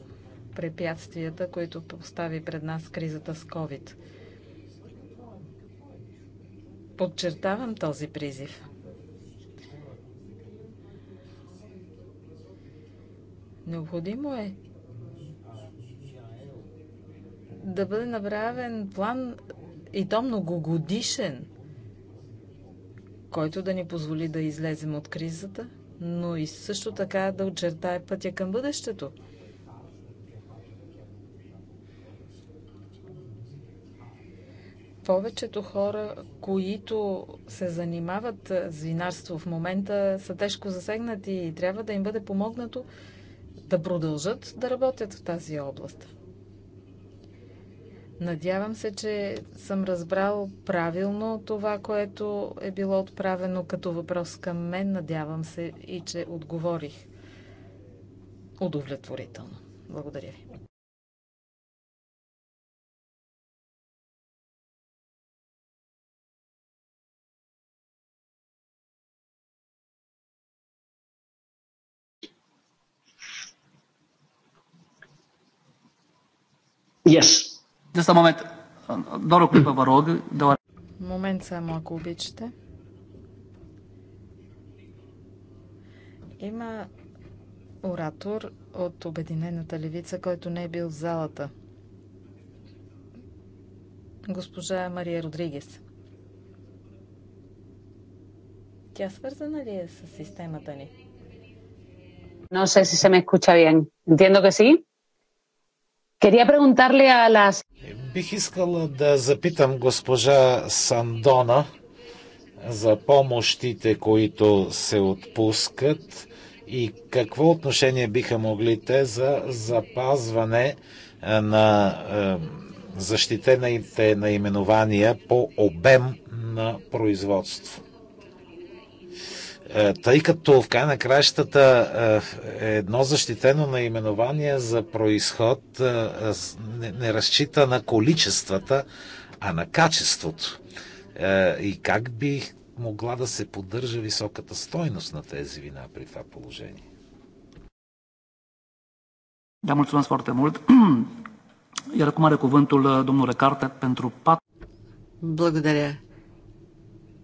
препятствията, които постави пред нас кризата с COVID. Подчертавам този призив. Необходимо е да бъде направен план и то многогодишен, който да ни позволи да излезем от кризата но и също така да очертае пътя към бъдещето. повечето хора, които се занимават с винарство в момента, са тежко засегнати и трябва да им бъде помогнато да продължат да работят в тази област. Надявам се, че съм разбрал правилно това, което е било отправено като въпрос към мен. Надявам се и че отговорих удовлетворително. Благодаря ви. Yes, Just a moment. Doar o clipă, vă rog. Doar... Moment să mă обичате. Има оратор от Обединената левица, който не е бил в залата. Госпожа Мария Родригес. Тя свързана ли е с системата ни? Не знам, че се ме escucha добре. Entiendo que sí. Бих искала да запитам госпожа Сандона за помощите, които се отпускат и какво отношение биха могли те за запазване на защитените наименования по обем на производство. Е, тъй като в край на краищата е, едно защитено наименование за происход е, не разчита на количествата, а на качеството. И как би могла да се поддържа високата стойност на тези вина при това положение? Да, mulțumesc foarte mult. Iar acum are cuvântul domnul Recarte pentru pat. Благодаря.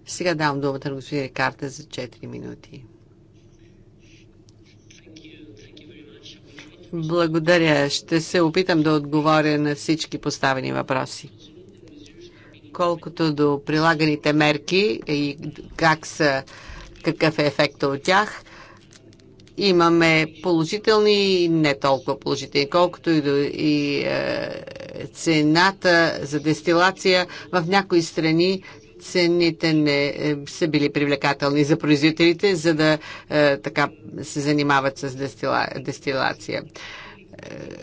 Сега давам думата на господин Карта за 4 минути. Благодаря. Ще се опитам да отговоря на всички поставени въпроси. Колкото до прилаганите мерки и как са, какъв е ефекта от тях, имаме положителни и не толкова положителни, колкото и, до, и е, цената за дестилация в някои страни цените не е, са били привлекателни за производителите, за да е, така се занимават с дестилация е,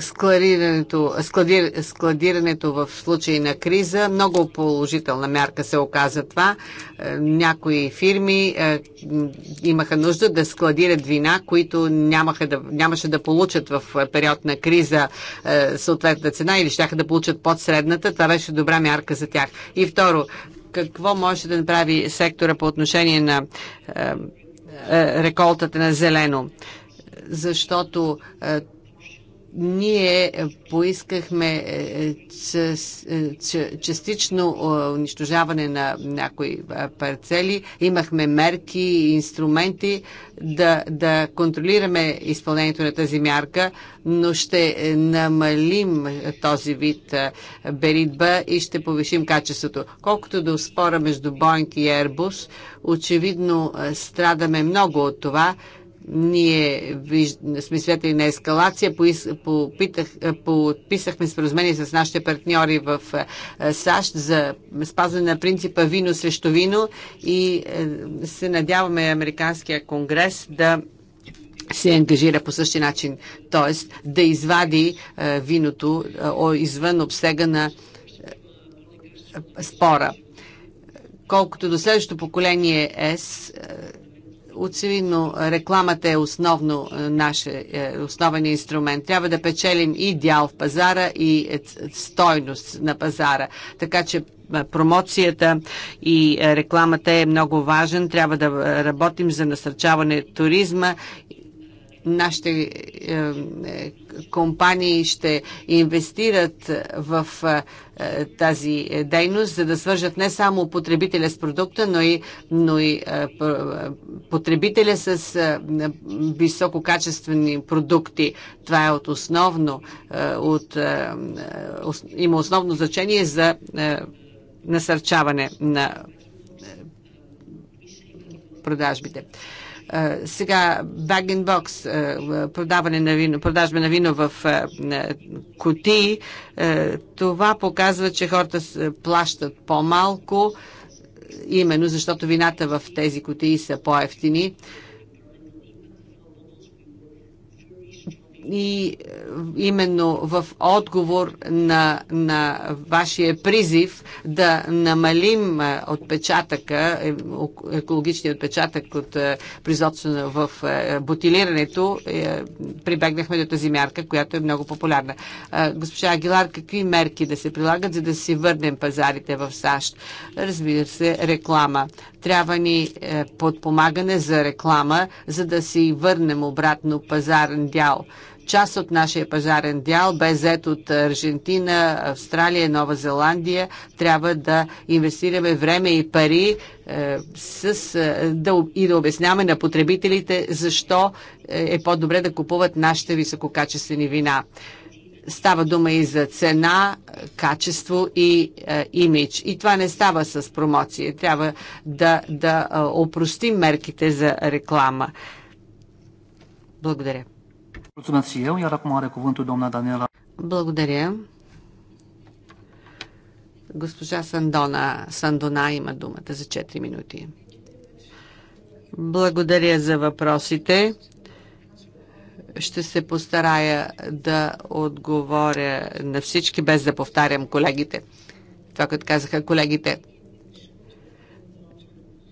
складирането, складир, складирането в случай на криза. Много положителна мярка се оказа това. Е, някои фирми е, имаха нужда да складират вина, които нямаха да, нямаше да получат в период на криза е, съответната цена или ще да получат под средната. Това беше добра мярка за тях. И второ, какво може да направи сектора по отношение на реколтата на зелено? Защото ние поискахме е, е, е, частично унищожаване на някои парцели, имахме мерки и инструменти да, да контролираме изпълнението на тази мярка, но ще намалим този вид беритба и ще повишим качеството. Колкото до спора между Боинг и Ербус, очевидно страдаме много от това, ние виж... сме свидетели на ескалация. Поис... Попитах... Подписахме споразумение с нашите партньори в е, САЩ за спазване на принципа вино срещу вино и е, се надяваме Американския конгрес да се ангажира по същия начин, т.е. да извади е, виното извън обсега на спора. Колкото до следващото поколение С, очевидно рекламата е основно е, наше, е, основен инструмент. Трябва да печелим и дял в пазара, и е, стойност на пазара. Така че промоцията и рекламата е много важен. Трябва да работим за насърчаване туризма нашите е, е, компании ще инвестират в е, тази дейност, за да свържат не само потребителя с продукта, но и, но и потребителя с висококачествени продукти. Това е от основно, от, има основно значение за насърчаване на продажбите. Сега Багенбокс, продаване на вино, продажба на вино в кутии, това показва, че хората плащат по-малко, именно защото вината в тези кутии са по-ефтини. и е, именно в отговор на, на вашия призив да намалим е, отпечатъка, е, екологичния отпечатък от производството в бутилирането, прибегнахме до тази мярка, която е много популярна. Госпожа Агилар, какви мерки да се прилагат, за да си върнем пазарите в САЩ? Разбира се, реклама. Трябва ни е, подпомагане за реклама, за да си върнем обратно пазарен дял. Част от нашия пазарен дял бе зет от Аржентина, Австралия, Нова Зеландия. Трябва да инвестираме време и пари е, с, е, да, и да обясняваме на потребителите защо е, е по-добре да купуват нашите висококачествени вина. Става дума и за цена, качество и е, имидж. И това не става с промоция. Трябва да, да е, опростим мерките за реклама. Благодаря. Благодаря. Госпожа Сандона, Сандона има думата за 4 минути. Благодаря за въпросите. Ще се постарая да отговоря на всички, без да повтарям колегите. Това, като казаха колегите.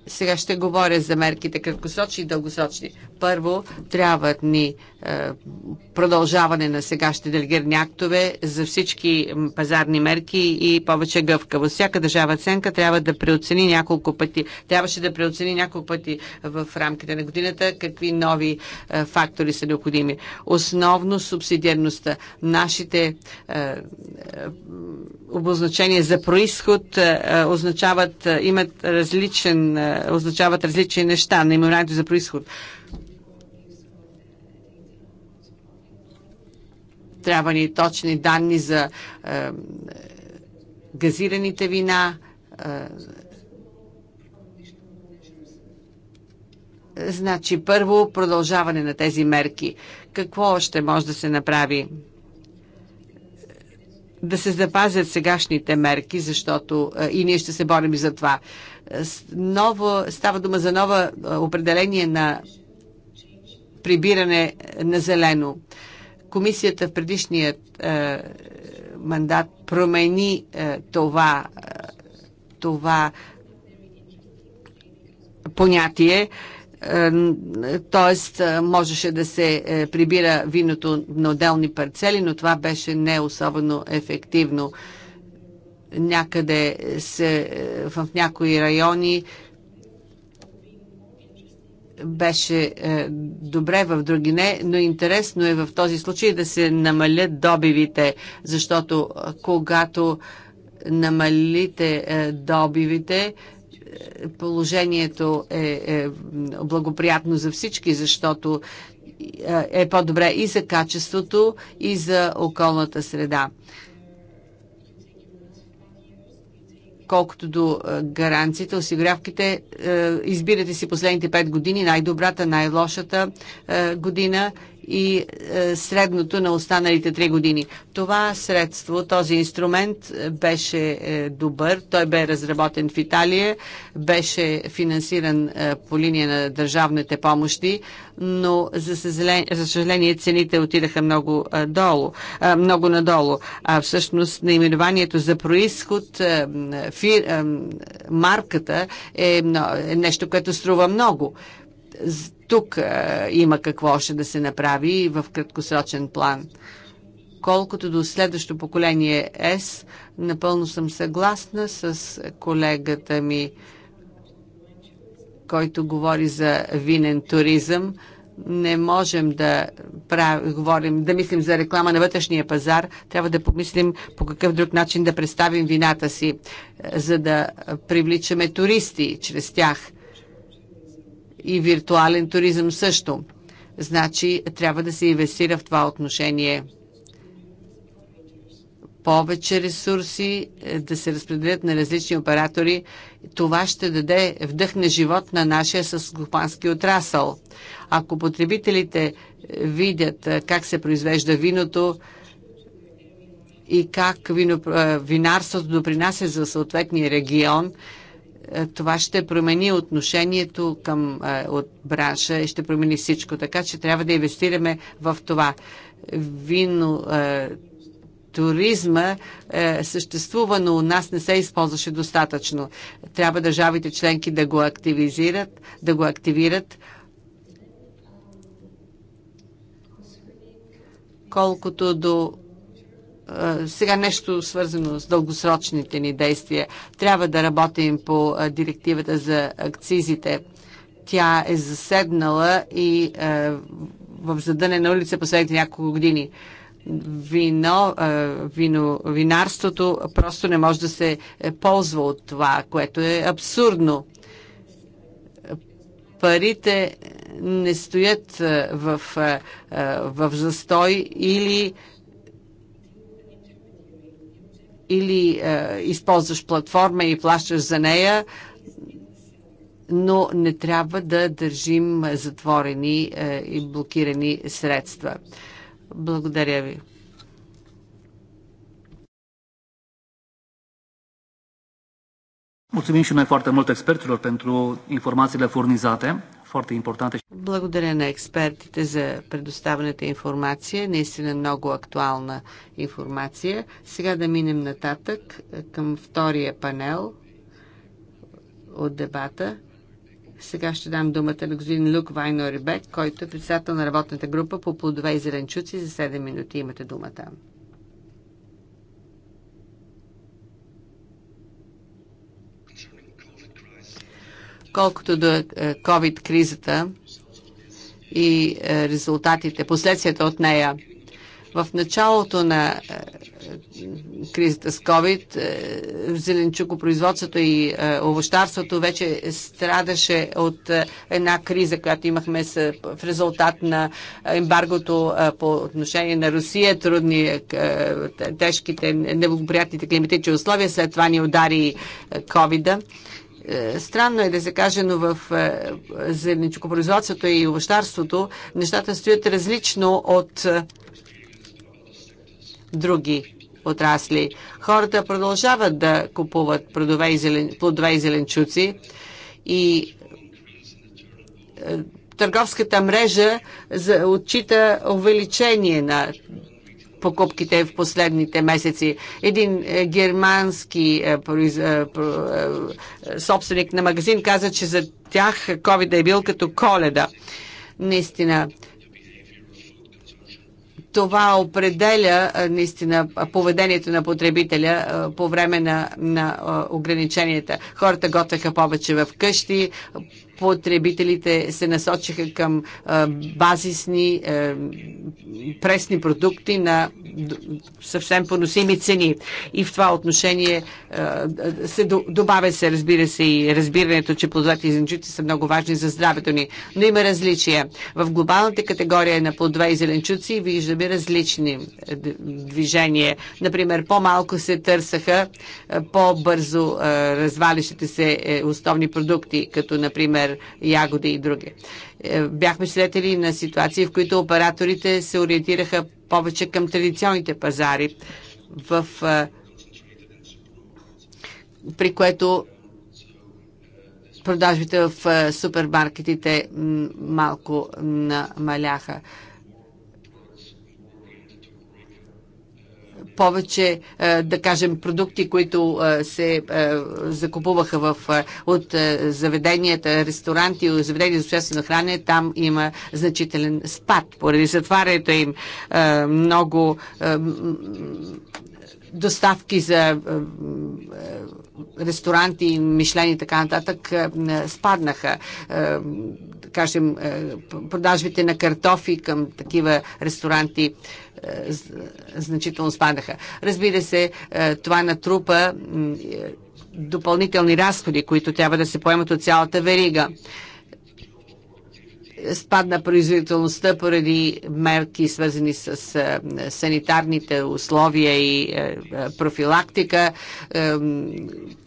Сега ще говоря за мерките краткосрочни и дългосрочни. Първо, трябва ни е, продължаване на сегашните делегирани актове за всички пазарни мерки и повече гъвкавост. Всяка държава ценка трябва да преоцени няколко пъти, трябваше да преоцени няколко пъти в рамките на годината какви нови е, фактори са необходими. Основно субсидиарността. Нашите е, обозначения за происход означават, имат различен, означават различни неща на именованието за происход. Трябва ни точни данни за е, газираните вина, е, значи първо продължаване на тези мерки. Какво още може да се направи? да се запазят сегашните мерки, защото е, и ние ще се борим за това. Ново, става дума за ново е, определение на прибиране на зелено. Комисията в предишният е, мандат промени е, това, е, това понятие. Е, тоест, е, можеше да се е, прибира виното на отделни парцели, но това беше не особено ефективно. Някъде се, в някои райони беше е, добре, в други не, но интересно е в този случай да се намалят добивите, защото е, когато намалите е, добивите, положението е благоприятно за всички, защото е по-добре и за качеството, и за околната среда. Колкото до е, гаранциите, осигурявките, е, избирате си последните 5 години най-добрата, най-лошата е, година и е, средното на останалите три години. Това средство, този инструмент е, беше е, добър. Той бе разработен в Италия, беше финансиран по линия на държавните помощи, но за съжаление цените отидаха много долу, много надолу. А всъщност наименованието за происход, фир, марката е нещо, което струва много. Тук има какво още да се направи в краткосрочен план. Колкото до следващото поколение С, напълно съм съгласна с колегата ми, който говори за винен туризъм не можем да прав... говорим, да мислим за реклама на вътрешния пазар, трябва да помислим по какъв друг начин да представим вината си, за да привличаме туристи чрез тях и виртуален туризъм също. Значи трябва да се инвестира в това отношение. Повече ресурси е, да се разпределят на различни оператори. Това ще даде вдъх на живот на нашия съскопански отрасъл. Ако потребителите е, видят е, как се произвежда виното, и как винарството допринася за съответния регион, е, това ще промени отношението към, е, от бранша и ще промени всичко. Така че трябва да инвестираме в това. Вино, е, туризма съществува, но у нас не се използваше достатъчно. Трябва държавите членки да го активизират, да го активират. Колкото до е, сега нещо свързано с дългосрочните ни действия. Трябва да работим по е, директивата за акцизите. Тя е заседнала и е, в задъне на улица последните няколко години. Вино, вино, винарството просто не може да се ползва от това, което е абсурдно. Парите не стоят в, в застой или или а, е, използваш платформа и плащаш за нея, но не трябва да държим затворени а, е, и блокирани средства. Благодаря ви. Mulțumim și noi foarte mult experților pentru informațiile furnizate. Е Благодаря на експертите за предоставената информация, наистина много актуална информация. Сега да минем нататък е, към втория панел от дебата. Сега ще дам думата на господин Люк Вайно Рибек, който е председател на работната група по плодове и зеленчуци. За 7 минути имате думата. Колкото до е, COVID-кризата и е, резултатите, последствията от нея, в началото на е, кризата с COVID, зеленчукопроизводството и овощарството вече страдаше от една криза, която имахме в резултат на ембаргото по отношение на Русия, трудни, тежките, неблагоприятните климатични условия. След това ни удари COVID-а е, странно е да се каже, но в е, зеленчукопроизводството и овощарството нещата стоят различно от е, други отрасли. Хората продължават да купуват плодове и, зелен, плодове и зеленчуци и търговската мрежа отчита увеличение на покупките в последните месеци. Един е, германски е, е, собственик на магазин каза, че за тях COVID е бил като коледа. Наистина, това определя наистина поведението на потребителя по време на, на ограниченията. Хората готвеха повече в къщи, потребителите се насочиха към базисни пресни продукти на съвсем поносими цени. И в това отношение се добавя се, разбира се, и разбирането, че плодовете и зеленчуци са много важни за здравето ни. Но има различия. В глобалната категория на плодове и зеленчуци виждаме различни движения. Например, по-малко се търсаха по-бързо развалищите се е, основни продукти, като например например ягоди и други. Е, бяхме свидетели на ситуации, в които операторите се ориентираха повече към традиционните пазари, в, е, при което продажбите в е, супермаркетите малко намаляха. повече, е, да кажем, продукти, които е, се е, закупуваха в, от заведенията, ресторанти, заведения за обществено хранене, там има значителен спад. Поради затварянето им много доставки за ресторанти, мишлени и така нататък спаднаха. кажем, продажбите на картофи към такива ресторанти е, е, значително спадаха. Разбира се, е, това натрупа допълнителни разходи, които трябва да се поемат от цялата верига. Спадна производителността поради мерки, свързани с санитарните условия и профилактика,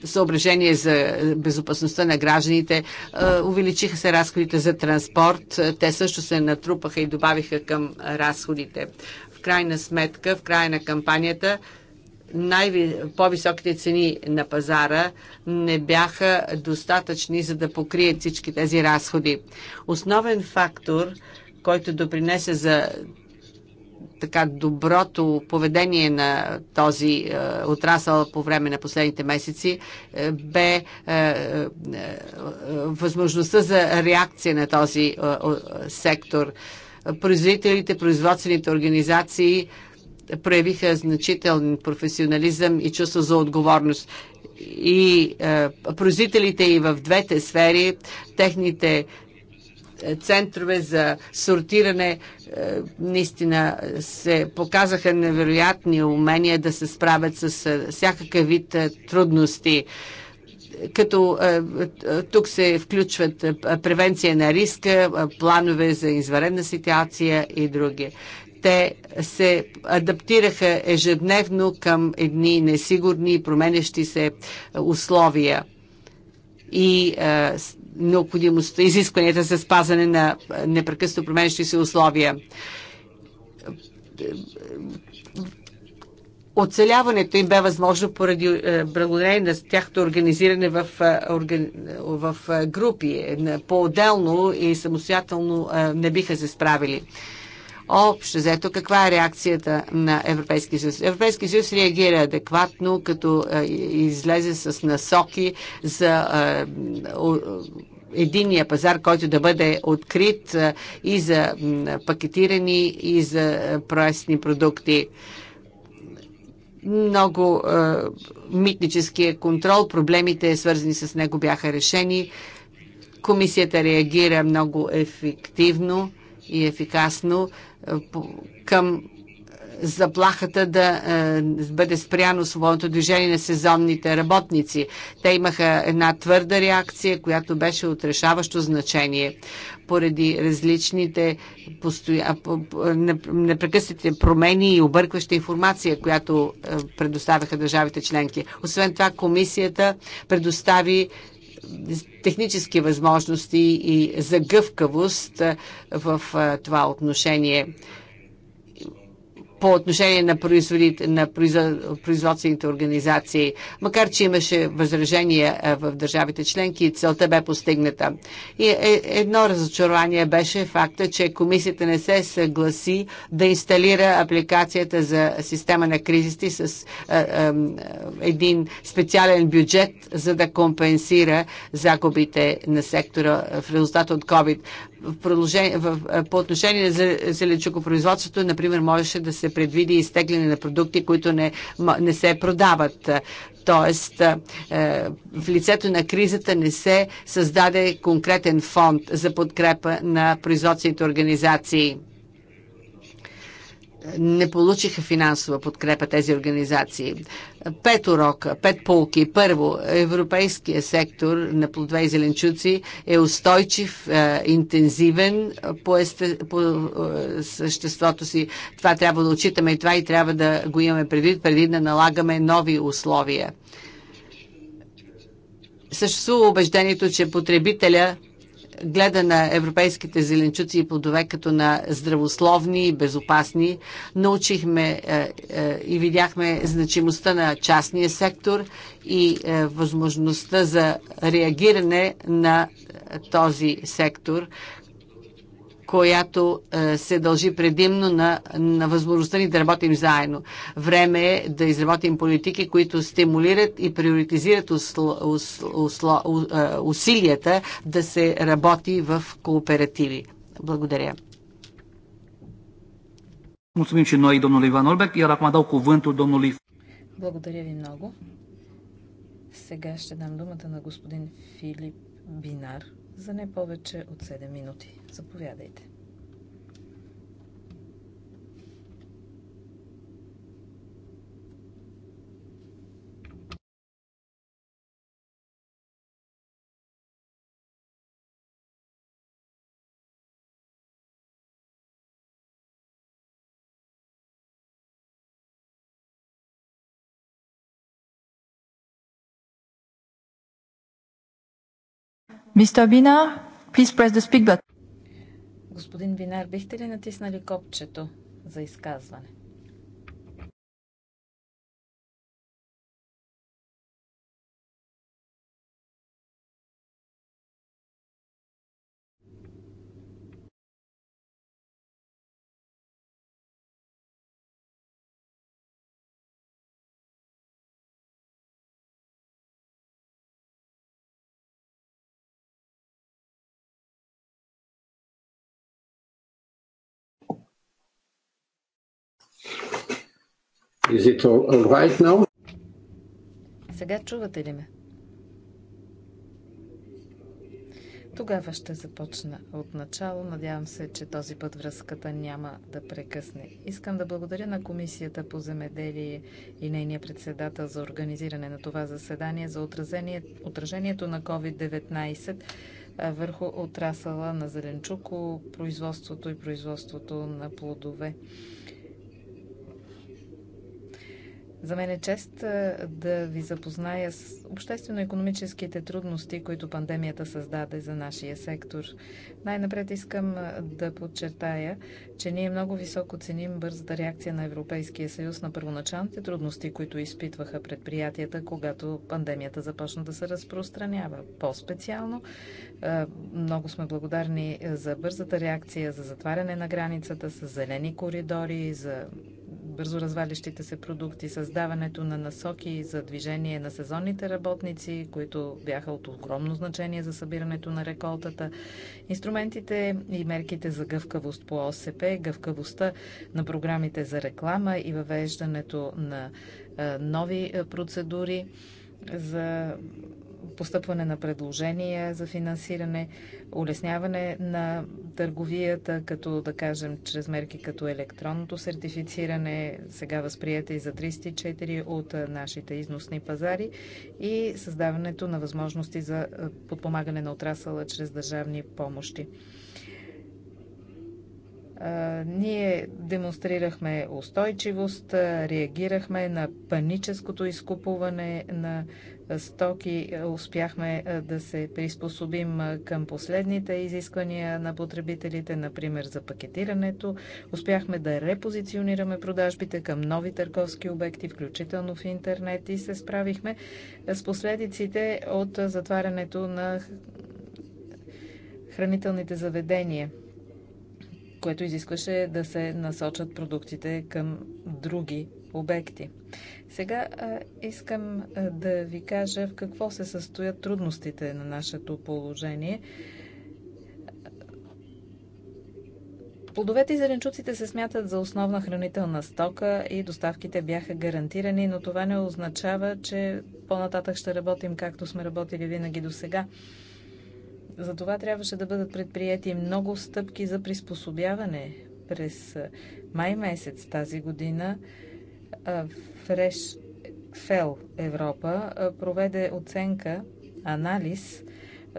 съображение за безопасността на гражданите. Увеличиха се разходите за транспорт. Те също се натрупаха и добавиха към разходите крайна сметка, в края на кампанията, най-по-високите цени на пазара не бяха достатъчни, за да покрият всички тези разходи. Основен фактор, който допринесе за така доброто поведение на този е, отрасъл по време на последните месеци е, бе е, е, е възможността за реакция на този е, е, сектор производителите, производствените организации проявиха значителен професионализъм и чувство за отговорност. И е, производителите и в двете сфери, техните е, центрове за сортиране е, наистина се показаха невероятни умения да се справят с е, всякакъв вид трудности като е, е, тук се включват е, превенция на риска, планове за изварена ситуация и други те се адаптираха ежедневно към едни несигурни и променещи се условия и е, необходимостта, изискванията за спазване на непрекъснато променещи се условия оцеляването им бе възможно поради е, благодарение на тяхното организиране в, е, в е, групи. По-отделно и самостоятелно не биха се справили. Общо взето, каква е реакцията на Европейския съюз? Европейския съюз реагира адекватно, като излезе с насоки за единния пазар, който да бъде открит и за пакетирани, и за проестни продукти много е, митническия контрол, проблемите свързани с него бяха решени. Комисията реагира много ефективно и ефикасно е, към заплахата да е, бъде спряно свободното движение на сезонните работници. Те имаха една твърда реакция, която беше отрешаващо значение поради различните непрекъснатите промени и объркваща информация, която е, предоставяха държавите членки. Освен това, комисията предостави технически възможности и за гъвкавост е, в е, това отношение по отношение на, на производствените организации, макар че имаше възражения в държавите членки и целта бе постигната. И е, едно разочарование беше факта, че комисията не се съгласи да инсталира апликацията за система на кризисти с а, а, един специален бюджет, за да компенсира загубите на сектора в резултат от COVID в, в, е, по отношение на зеленчукопроизводството, например, можеше да се предвиди изтегляне на продукти, които не, не се продават. Тоест, е, в лицето на кризата не се създаде конкретен фонд за подкрепа на производствените организации не получиха финансова подкрепа тези организации. Пет урока, пет полки. Първо, европейския сектор на плодове и зеленчуци е устойчив, е, интензивен по, есте, по е, съществото си. Това трябва да отчитаме и това и трябва да го имаме предвид, преди да налагаме нови условия. Съществува убеждението, че потребителя гледа на европейските зеленчуци и плодове като на здравословни и безопасни. Научихме е, е, и видяхме значимостта на частния сектор и е, възможността за реагиране на този сектор, която е, се дължи предимно на, на възможността ни да работим заедно. Време е да изработим политики, които стимулират и приоритизират усло, усло, е, усилията да се работи в кооперативи. Благодаря. Mulțumim și noi, domnului Ivan Olbec, iar acum dau cuvântul domnului. Благодаря ви много. Сега ще дам думата на господин Филип Бинар, за не повече от 7 минути. Заповядайте. Mr. Bina, please press the speak button. Господин Бинар, бихте ли натиснали копчето за изказване? Is it all, all right now? Сега чувате ли ме? Тогава ще започна от начало. Надявам се, че този път връзката няма да прекъсне. Искам да благодаря на Комисията по земеделие и нейния председател за организиране на това заседание, за отразение, отражението на COVID-19 върху отрасъла на зеленчуко, производството и производството на плодове. За мен е чест е, да ви запозная с обществено-економическите трудности, които пандемията създаде за нашия сектор. Най-напред искам е, да подчертая, че ние много високо ценим бързата реакция на Европейския съюз на първоначалните трудности, които изпитваха предприятията, когато пандемията започна да се разпространява. По-специално, е, много сме благодарни за бързата реакция, за затваряне на границата, с зелени коридори, за бързо развалящите се продукти, създаването на насоки за движение на сезонните работници, които бяха от огромно значение за събирането на реколтата, инструментите и мерките за гъвкавост по ОСП, гъвкавостта на програмите за реклама и въвеждането на нови процедури за постъпване на предложения за финансиране, улесняване на търговията, като да кажем чрез мерки като електронното сертифициране, сега възприяте и за 34 от нашите износни пазари и създаването на възможности за подпомагане на отрасъла чрез държавни помощи ние демонстрирахме устойчивост, реагирахме на паническото изкупуване на стоки, успяхме да се приспособим към последните изисквания на потребителите, например за пакетирането, успяхме да репозиционираме продажбите към нови търговски обекти, включително в интернет и се справихме с последиците от затварянето на хранителните заведения – което изискваше да се насочат продуктите към други обекти. Сега а, искам а, да ви кажа в какво се състоят трудностите на нашето положение. Плодовете и зеленчуците се смятат за основна хранителна стока и доставките бяха гарантирани, но това не означава, че по-нататък ще работим както сме работили винаги до сега. За това трябваше да бъдат предприяти много стъпки за приспособяване. През май месец тази година Fresh Фел Европа проведе оценка, анализ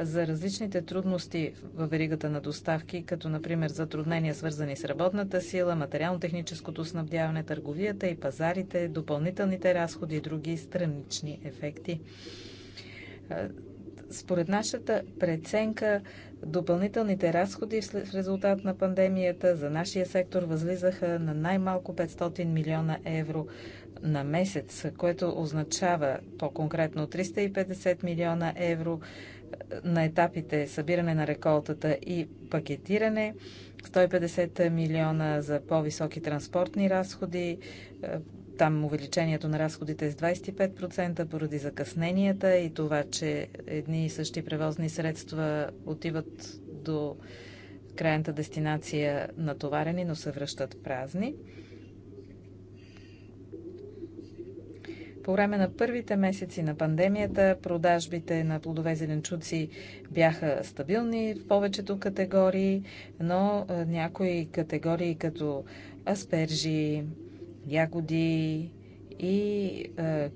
за различните трудности във веригата на доставки, като например затруднения свързани с работната сила, материално-техническото снабдяване, търговията и пазарите, допълнителните разходи и други странични ефекти. Според нашата преценка, допълнителните разходи в резултат на пандемията за нашия сектор възлизаха на най-малко 500 милиона евро на месец, което означава по-конкретно 350 милиона евро е, на етапите събиране на реколтата и пакетиране, 150 милиона за по-високи транспортни разходи, е, там увеличението на разходите е с 25% поради закъсненията и това, че едни и същи превозни средства отиват до крайната дестинация натоварени, но се връщат празни. По време на първите месеци на пандемията продажбите на плодове зеленчуци бяха стабилни в повечето категории, но някои категории като аспержи, ягоди и е,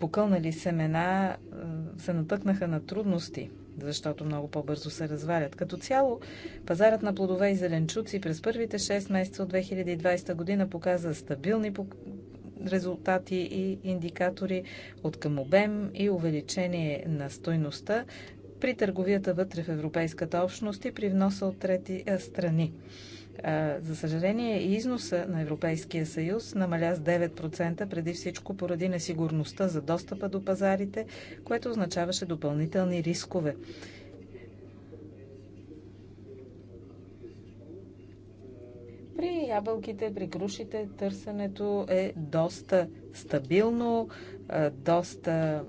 покълнали семена е, се натъкнаха на трудности, защото много по-бързо се развалят. Като цяло, пазарът на плодове и зеленчуци през първите 6 месеца от 2020 година показа стабилни резултати и индикатори от към обем и увеличение на стойността при търговията вътре в Европейската общност и при вноса от трети е, страни. За съжаление, износа на Европейския съюз намаля с 9% преди всичко поради несигурността за достъпа до пазарите, което означаваше допълнителни рискове. При ябълките, при крушите търсенето е доста стабилно, доста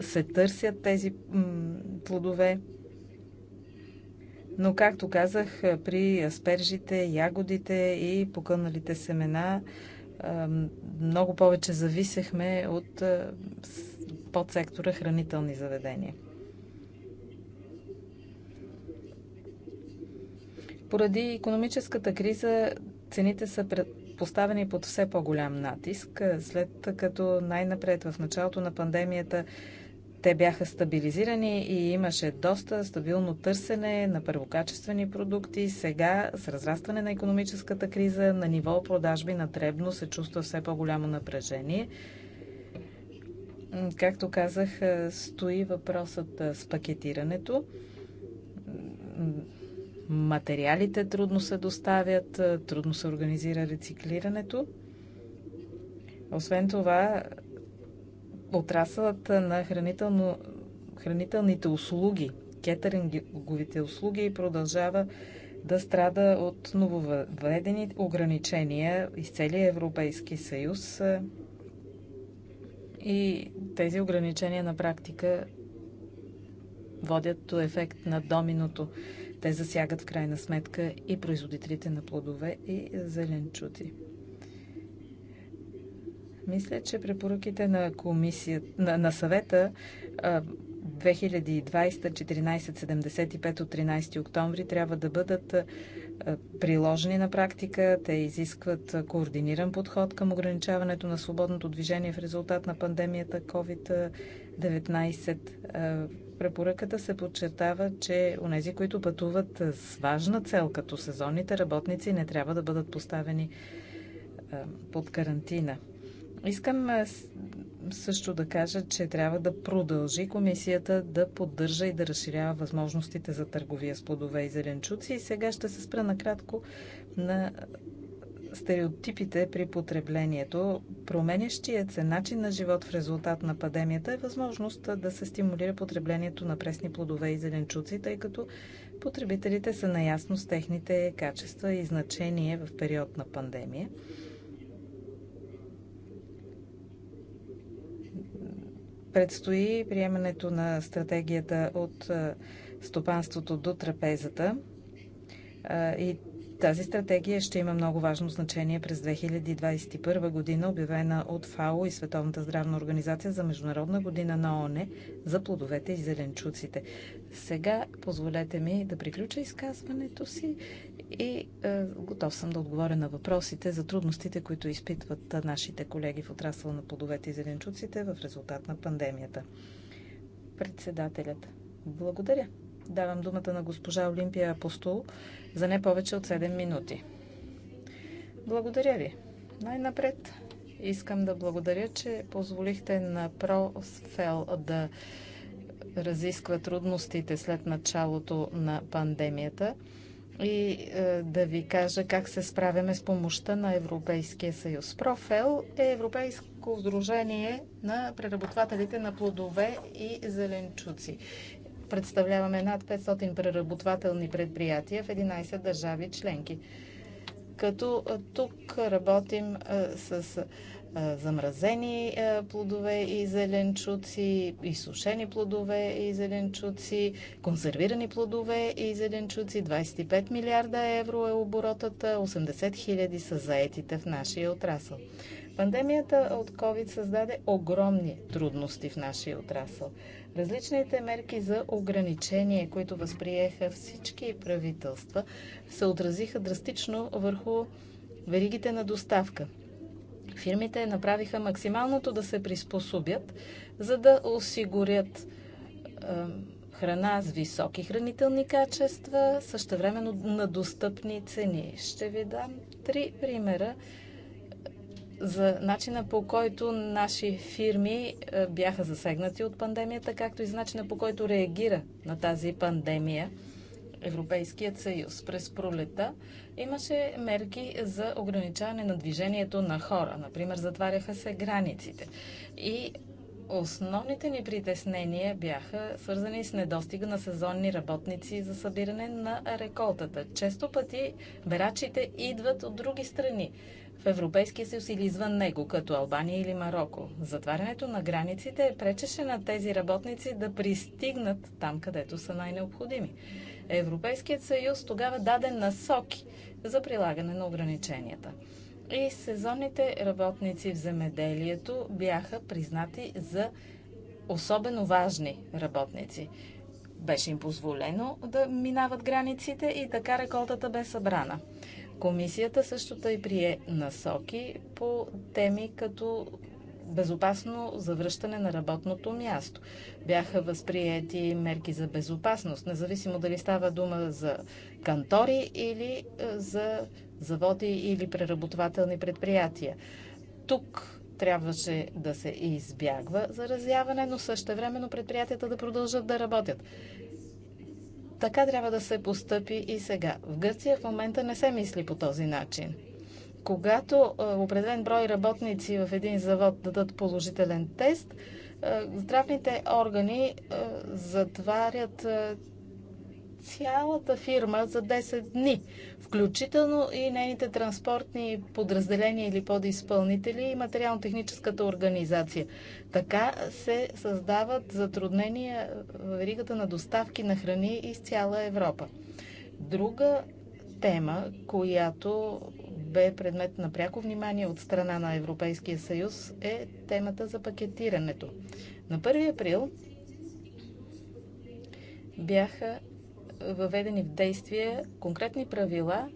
се търсят тези плодове. Но, както казах, при аспержите, ягодите и покъналите семена много повече зависехме от подсектора хранителни заведения. Поради економическата криза цените са поставени под все по-голям натиск, след като най-напред в началото на пандемията те бяха стабилизирани и имаше доста стабилно търсене на първокачествени продукти. Сега, с разрастване на економическата криза, на ниво продажби на дребно се чувства все по-голямо напрежение. Както казах, стои въпросът с пакетирането. Материалите трудно се доставят, трудно се организира рециклирането. Освен това, отрасълът на хранително, хранителните услуги, кетеринговите услуги продължава да страда от нововведени ограничения из целия Европейски съюз. И тези ограничения на практика водят до ефект на доминото. Те засягат в крайна сметка и производителите на плодове и зеленчуци. Мисля, че препоръките на, комисия, на, на съвета 2020-1475 от 13 октомври трябва да бъдат приложени на практика. Те изискват координиран подход към ограничаването на свободното движение в резултат на пандемията COVID-19. Препоръката се подчертава, че онези, които пътуват с важна цел, като сезонните работници, не трябва да бъдат поставени под карантина. Искам също да кажа, че трябва да продължи комисията да поддържа и да разширява възможностите за търговия с плодове и зеленчуци. И сега ще се спра накратко на стереотипите при потреблението. Променящият се начин на живот в резултат на падемията е възможност да се стимулира потреблението на пресни плодове и зеленчуци, тъй като потребителите са наясно с техните качества и значение в период на пандемия. Предстои приемането на стратегията от стопанството до трапезата и тази стратегия ще има много важно значение през 2021 година, обявена от ФАО и Световната здравна организация за Международна година на ООН за плодовете и зеленчуците. Сега позволете ми да приключа изказването си и е, готов съм да отговоря на въпросите за трудностите, които изпитват нашите колеги в отрасъл на плодовете и зеленчуците в резултат на пандемията. Председателят. Благодаря. Давам думата на госпожа Олимпия Апостол за не повече от 7 минути. Благодаря ви. Най-напред искам да благодаря, че позволихте на Профел да разисква трудностите след началото на пандемията и е, да ви кажа как се справяме с помощта на Европейския съюз. Профел е Европейско сдружение на преработвателите на плодове и зеленчуци. Представляваме над 500 преработвателни предприятия в 11 държави членки. Като тук работим с замразени плодове и зеленчуци, изсушени плодове и зеленчуци, консервирани плодове и зеленчуци. 25 милиарда евро е оборотата, 80 хиляди са заетите в нашия отрасъл. Пандемията от COVID създаде огромни трудности в нашия отрасъл. Различните мерки за ограничение, които възприеха всички правителства, се отразиха драстично върху веригите на доставка. Фирмите направиха максималното да се приспособят, за да осигурят е, храна с високи хранителни качества, същевременно на достъпни цени. Ще ви дам три примера за начина по който наши фирми е, бяха засегнати от пандемията, както и за начина по който реагира на тази пандемия Европейският съюз. През пролета имаше мерки за ограничаване на движението на хора. Например, затваряха се границите. И Основните ни притеснения бяха свързани с недостига на сезонни работници за събиране на реколтата. Често пъти берачите идват от други страни в Европейския съюз или извън него, като Албания или Марокко. Затварянето на границите пречеше на тези работници да пристигнат там, където са най-необходими. Европейският съюз тогава даде насоки за прилагане на ограниченията и сезонните работници в земеделието бяха признати за особено важни работници. Беше им позволено да минават границите и така реколтата бе събрана. Комисията също тъй прие насоки по теми като безопасно завръщане на работното място. Бяха възприяти мерки за безопасност, независимо дали става дума за кантори или е, за заводи или преработвателни предприятия. Тук трябваше да се избягва заразяване, но същевременно предприятията да продължат да работят. Така трябва да се постъпи и сега. В Гърция в момента не се мисли по този начин. Когато определен брой работници в един завод дадат положителен тест, здравните органи затварят цялата фирма за 10 дни, включително и нейните транспортни подразделения или подизпълнители и материално-техническата организация. Така се създават затруднения в веригата на доставки на храни из цяла Европа. Друга тема, която бе предмет на пряко внимание от страна на Европейския съюз е темата за пакетирането. На 1 април бяха въведени в действие конкретни правила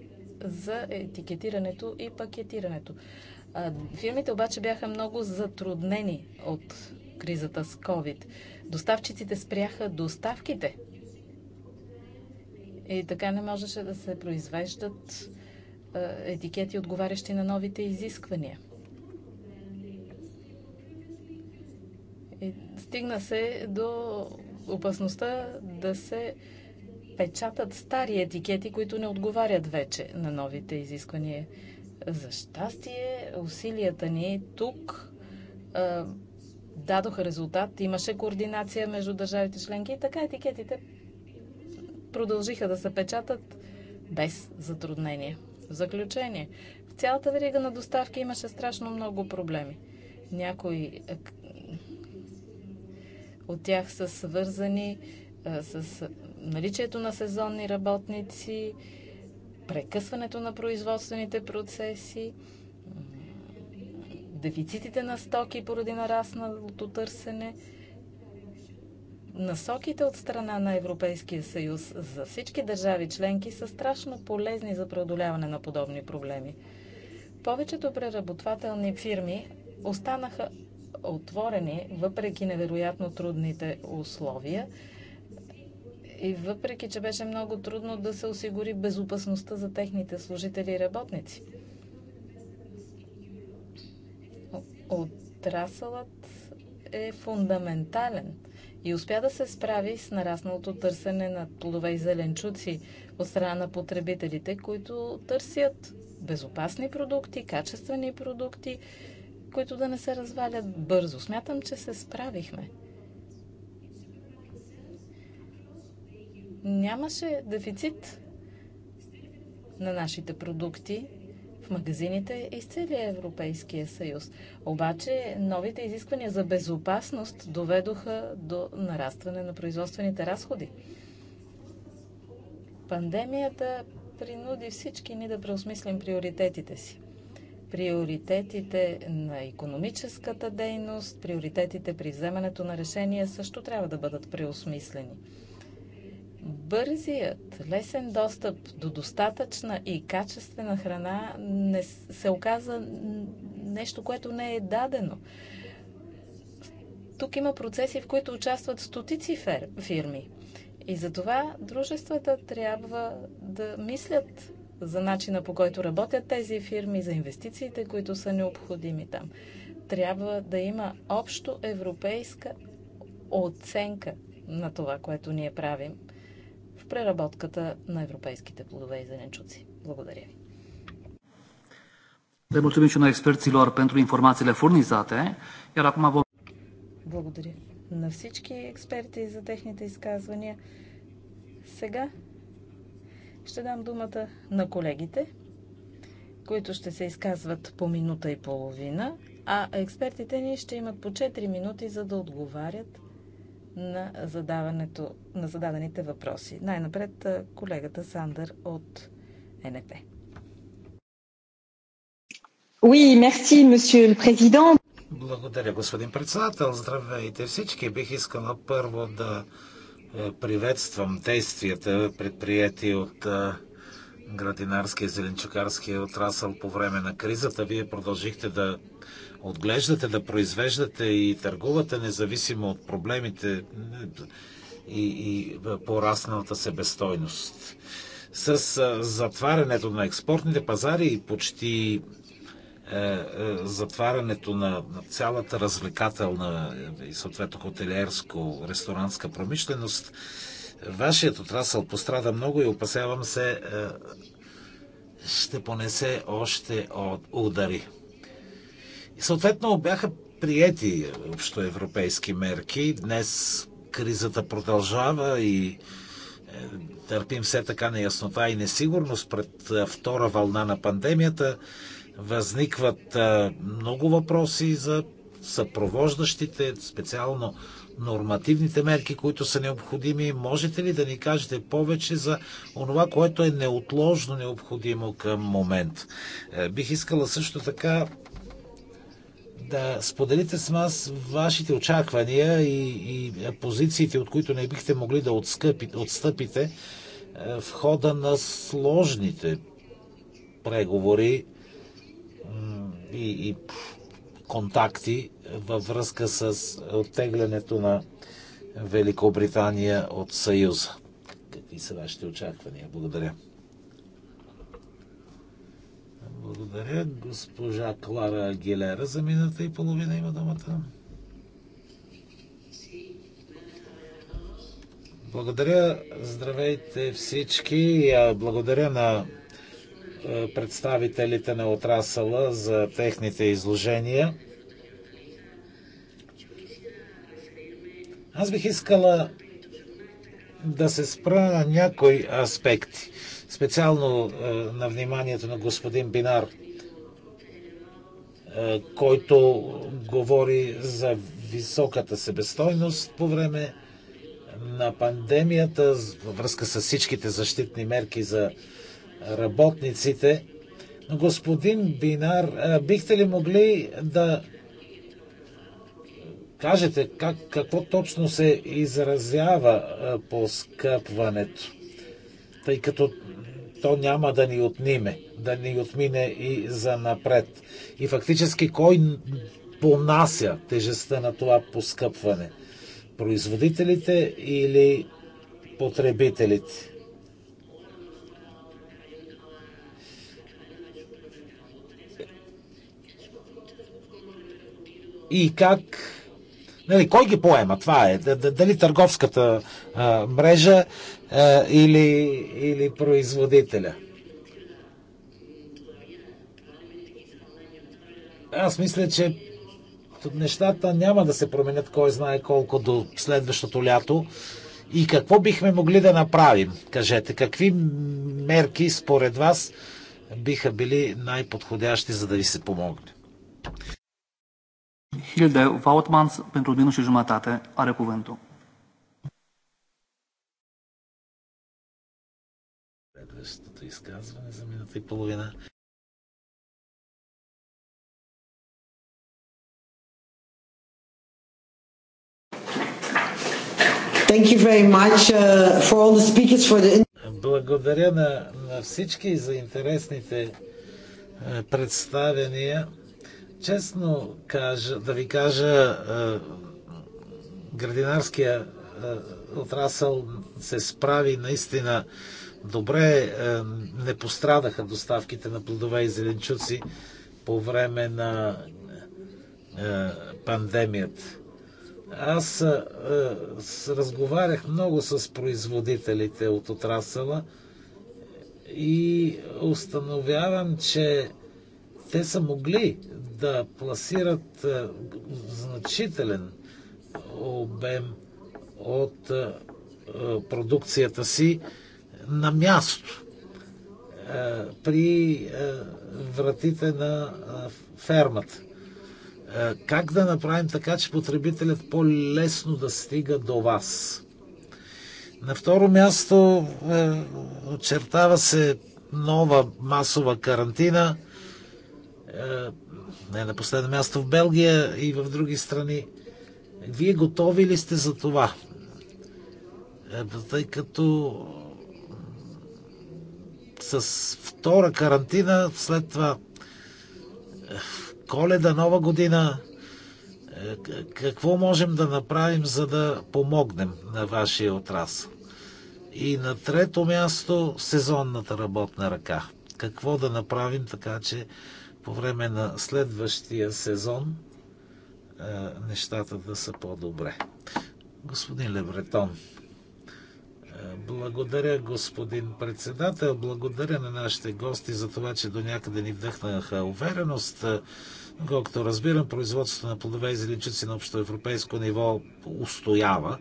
за етикетирането и пакетирането. Фирмите обаче бяха много затруднени от кризата с COVID. Доставчиците спряха доставките и така не можеше да се произвеждат е, етикети, отговарящи на новите изисквания. И стигна се до опасността да се печатат стари етикети, които не отговарят вече на новите изисквания. За щастие, усилията ни тук а, е, дадоха резултат. Имаше координация между държавите членки и така етикетите продължиха да се печатат без затруднение. В заключение, в цялата верига на доставки имаше страшно много проблеми. Някои е, от тях са свързани е, с наличието на сезонни работници, прекъсването на производствените процеси, дефицитите на стоки поради нарасналото търсене насоките от страна на Европейския съюз за всички държави членки са страшно полезни за преодоляване на подобни проблеми. Повечето преработвателни фирми останаха отворени въпреки невероятно трудните условия и въпреки, че беше много трудно да се осигури безопасността за техните служители и работници. Отрасълът е фундаментален – и успя да се справи с нарасналото търсене на плодове и зеленчуци от страна на потребителите, които търсят безопасни продукти, качествени продукти, които да не се развалят бързо. Смятам, че се справихме. Нямаше дефицит на нашите продукти магазините из целия Европейския съюз. Обаче новите изисквания за безопасност доведоха до нарастване на производствените разходи. Пандемията принуди всички ни да преосмислим приоритетите си. Приоритетите на економическата дейност, приоритетите при вземането на решения също трябва да бъдат преосмислени. Бързият, лесен достъп до достатъчна и качествена храна не се оказа нещо, което не е дадено. Тук има процеси, в които участват стотици фирми. И затова дружествата трябва да мислят за начина по който работят тези фирми, за инвестициите, които са необходими там. Трябва да има общо европейска оценка на това, което ние правим преработката на европейските плодове и зеленчуци. Благодаря ви. Le mulțumim și noi experților pentru informațiile furnizate, iar acum vom... Благодаря на всички експерти за техните изказвания. Сега ще дам думата на колегите, които ще се изказват по минута и половина, а експертите ни ще имат по 4 минути, за да отговарят на, задаването, на зададените въпроси. Най-напред колегата Сандър от НП. Oui, merci, monsieur le président. Благодаря, господин председател. Здравейте всички. Бих искала първо да е, приветствам действията, предприяти от е, градинарския и зеленчукарския отрасъл по време на кризата. Вие продължихте да отглеждате, да произвеждате и търгувате, независимо от проблемите и, и порасналата себестойност. С затварянето на експортните пазари и почти е, е, затварянето на цялата развлекателна и съответно хотелиерско-ресторантска промишленост, вашият отрасъл пострада много и опасявам се е, ще понесе още от удари съответно бяха приети общоевропейски мерки. Днес кризата продължава и е, търпим все така неяснота и несигурност пред е, втора вълна на пандемията. Възникват е, много въпроси за съпровождащите, специално нормативните мерки, които са необходими. Можете ли да ни кажете повече за онова, което е неотложно необходимо към момент? Бих искала също така да споделите с нас вашите очаквания и, и позициите, от които не бихте могли да отскъпите, отстъпите е, в хода на сложните преговори и, и контакти във връзка с оттеглянето на Великобритания от Съюза. Какви са вашите очаквания? Благодаря. Благодаря. Госпожа Клара Агилера за минута и половина има думата. Благодаря. Здравейте всички. Благодаря на е, представителите на отрасъла за техните изложения. Аз бих искала да се спра на някои аспекти, специално е, на вниманието на господин Бинар. Е, който говори за високата себестойност по време на пандемията, във връзка с всичките защитни мерки за работниците. Господин Бинар, е, бихте ли могли да кажете как, какво точно се изразява е, по скъпването? Тъй като то няма да ни отниме, да ни отмине и за напред. И фактически кой понася тежестта на това поскъпване? Производителите или потребителите? И как Нали, кой ги поема? Това е. Дали търговската а, мрежа а, или, или производителя? Аз мисля, че нещата няма да се променят кой знае колко до следващото лято. И какво бихме могли да направим? Кажете, какви мерки според вас биха били най-подходящи, за да ви се помогне? Hilde Vautmans, pentru un minut și jumătate, are cuvântul. Следващото изказване за минута и половина. Thank you very much uh, for all the speakers for the... Благодаря на, на всички за интересните uh, представения честно кажа, да ви кажа, е, градинарския е, отрасъл се справи наистина добре. Е, не пострадаха доставките на плодове и зеленчуци по време на пандемията. Аз разговарях много с производителите от отрасъла и установявам, че те са могли да пласират е, значителен обем от е, продукцията си на място е, при вратите на фермата. Как да направим така, че потребителят по-лесно да стига до вас? На второ място очертава се нова масова карантина – е, не на последно място в Белгия и в други страни. Вие готови ли сте за това? Е, тъй като с втора карантина, след това е, коледа, нова година, какво можем да направим, за да помогнем на вашия отрасъл? И на трето място сезонната работна ръка. Какво да направим така, че по време на следващия сезон е, нещата да са по-добре. Господин Левретон, е, благодаря, господин председател. Благодаря на нашите гости за това, че до някъде ни вдъхнаха увереност. Колкото разбирам, производството на плодове и зеленчуци на общоевропейско ниво устоява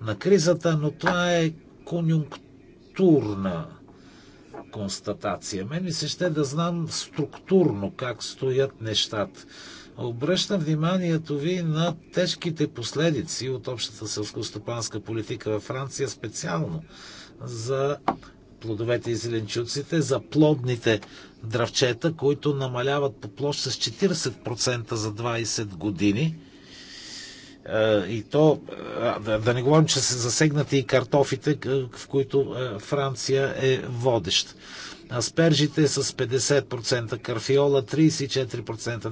на кризата, но това е конюнктурна констатация. Мен ми се ще да знам структурно как стоят нещата. Обръщам вниманието ви на тежките последици от общата селскостопанска политика във Франция, специално за плодовете и зеленчуците, за плодните дравчета, които намаляват по площ с 40% за 20 години е, и то, е, да не говорим, че са засегнати и картофите, в които е, Франция е водещ. Аспержите с 50%, карфиола 34%,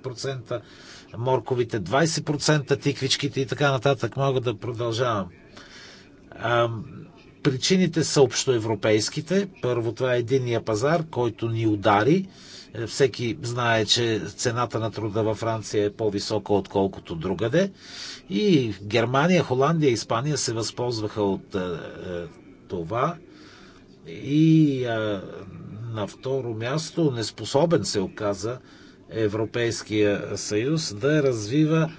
25%, морковите 20%, тиквичките и така нататък. Мога да продължавам. Причините са общоевропейските. Първо това е единия пазар, който ни удари – всеки знае, че цената на труда във Франция е по-висока, отколкото другаде. И Германия, Холандия, Испания се възползваха от е, е, това. И е, на второ място неспособен се оказа Европейския съюз да развива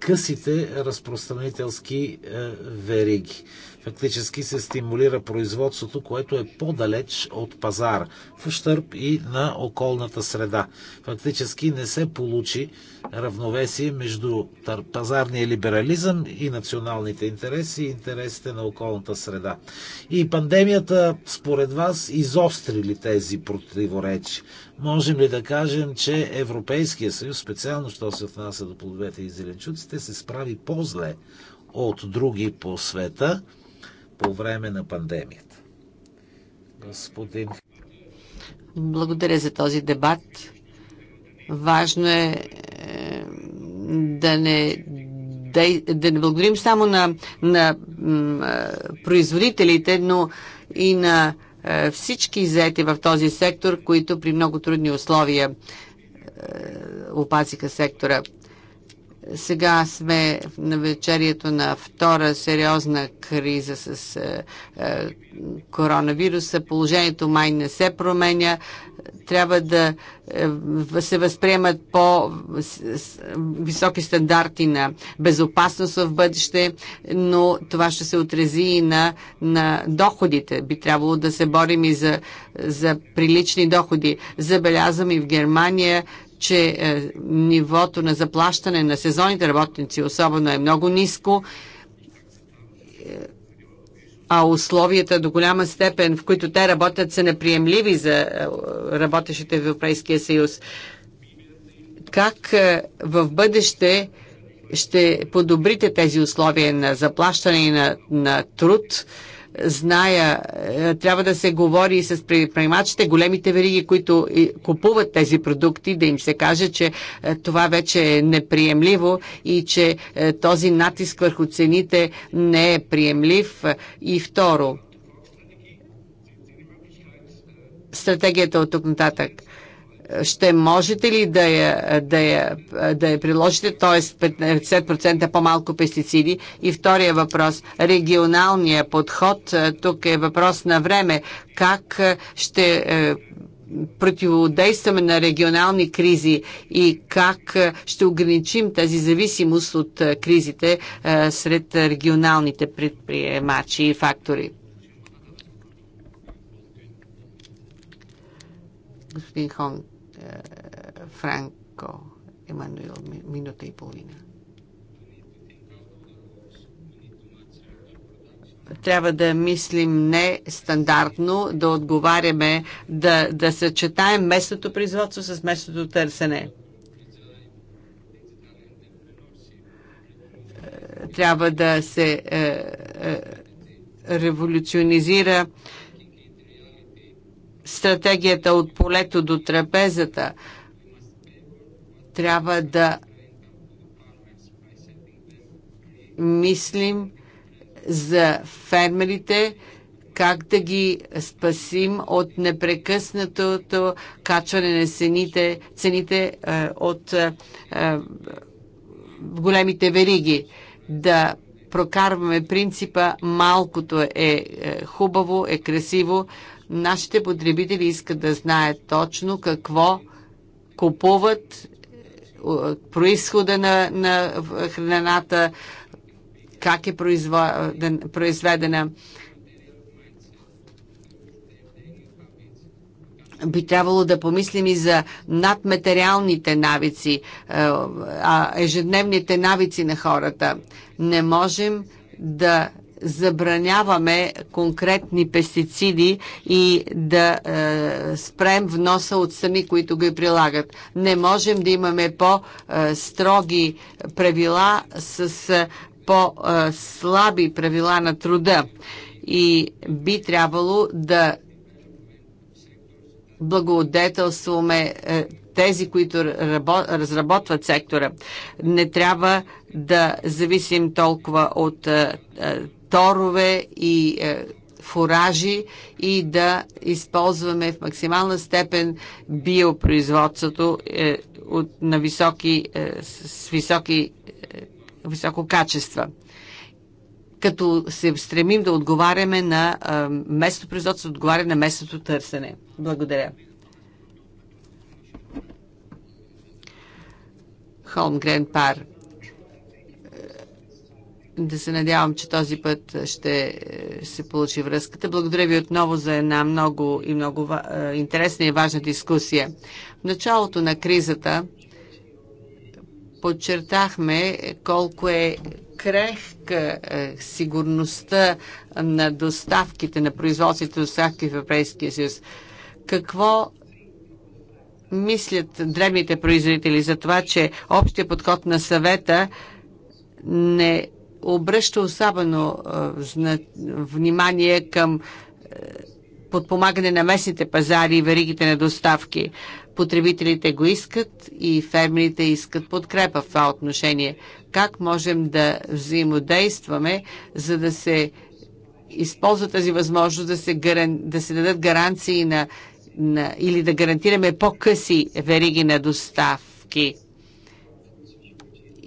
късите разпространителски вериги. Фактически се стимулира производството, което е по-далеч от пазара, в ущърп и на околната среда. Фактически не се получи равновесие между пазарния либерализъм и националните интереси и интересите на околната среда. И пандемията, според вас, изостри ли тези противоречия? Можем ли да кажем, че Европейския съюз, специално що се отнася до плодовете и зеленчуците, се справи по-зле от други по света по време на пандемията. Господин. Благодаря за този дебат. Важно е, е да не да, да не благодарим само на, на е, производителите, но и на е, всички заети в този сектор, които при много трудни условия опазиха сектора. Сега сме на вечерието на втора сериозна криза с е, е, коронавируса. Положението май не се променя. Трябва да е, се възприемат по-високи стандарти на безопасност в бъдеще, но това ще се отрези и на, на доходите. Би трябвало да се борим и за, за прилични доходи. Забелязвам и в Германия че е, нивото на заплащане на сезонните работници особено е много ниско, е, а условията до голяма степен, в които те работят, са неприемливи за е, работещите в Европейския съюз. Как е, в бъдеще ще подобрите тези условия на заплащане и на, на труд? зная, е, трябва да се говори и с предприемачите, големите вериги, които купуват тези продукти, да им се каже, че е, това вече е неприемливо и че е, този натиск върху цените не е приемлив. И второ, стратегията от тук нататък ще можете ли да я, да я, да я приложите, т.е. 50% по-малко пестициди? И втория въпрос, регионалния подход, е, тук е въпрос на време. Как е, ще е, противодействаме на регионални кризи и как ще ограничим тази зависимост от кризите сред регионалните предприемачи и фактори? господин Хонг. Франко Емануил, минута и половина. трябва да мислим не стандартно, да отговаряме, да, да съчетаем местното производство с местното търсене. Трябва да се е, е, революционизира е, стратегията от полето до трапезата. Трябва да мислим за фермерите, как да ги спасим от непрекъснатото качване на цените, цените от е, е, големите вериги. Да прокарваме принципа малкото е, е хубаво, е красиво, Нашите потребители искат да знаят точно какво купуват, е, происхода на, на храната, как е произведена. би трябвало да помислим и за надматериалните навици, е, ежедневните навици на хората. Не можем да забраняваме конкретни пестициди и да е, спрем вноса от сами, които ги прилагат. Не можем да имаме по-строги правила с е, по-слаби правила на труда и би трябвало да благодетелстваме е, тези, които разработват сектора. Не трябва да зависим толкова от е, торове и е, фуражи и да използваме в максимална степен биопроизводството е, на високи, е, с високи, високо качество. Като се стремим да отговаряме на местното производство, отговаря на местното търсене. Благодаря. Холмгрен пар да се надявам, че този път ще е, се получи връзката. Благодаря ви отново за една много и много е, интересна и важна дискусия. В началото на кризата подчертахме колко е крехка е, сигурността на доставките, на производството доставки в Европейския съюз. Какво мислят древните производители за това, че общия подход на съвета не обръща особено внимание към е, подпомагане на местните пазари и веригите на доставки. Потребителите го искат и фермерите искат подкрепа в това отношение. Как можем да взаимодействаме, за да се използва тази възможност да се, гаран... да се дадат гаранции на... На... или да гарантираме по-къси вериги на доставки?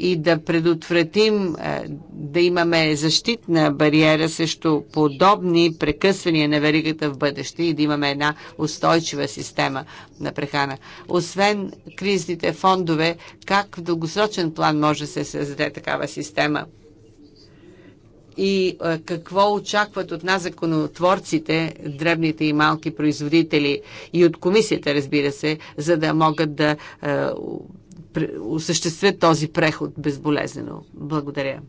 и да предотвратим е, да имаме защитна бариера срещу подобни прекъсвания на веригата в бъдеще и да имаме една устойчива система на прехрана. Освен кризните фондове, как в дългосрочен план може да се създаде такава система? и е, какво очакват от нас законотворците, дребните и малки производители и от комисията, разбира се, за да могат да е, осъществят този преход безболезнено. Благодаря.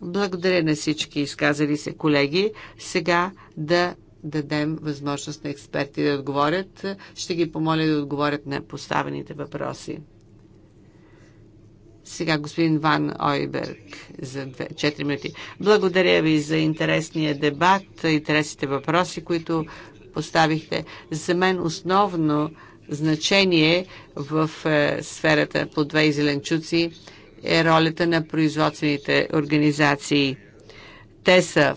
Благодаря на всички изказали се колеги. Сега да дадем възможност на експерти да отговорят. Ще ги помоля да отговорят на поставените въпроси. Сега господин Ван Ойберг за 4 минути. Благодаря ви за интересния дебат, интересните въпроси, които поставихте. За мен основно значение в е, сферата по две и зеленчуци е ролята на производствените организации. Те са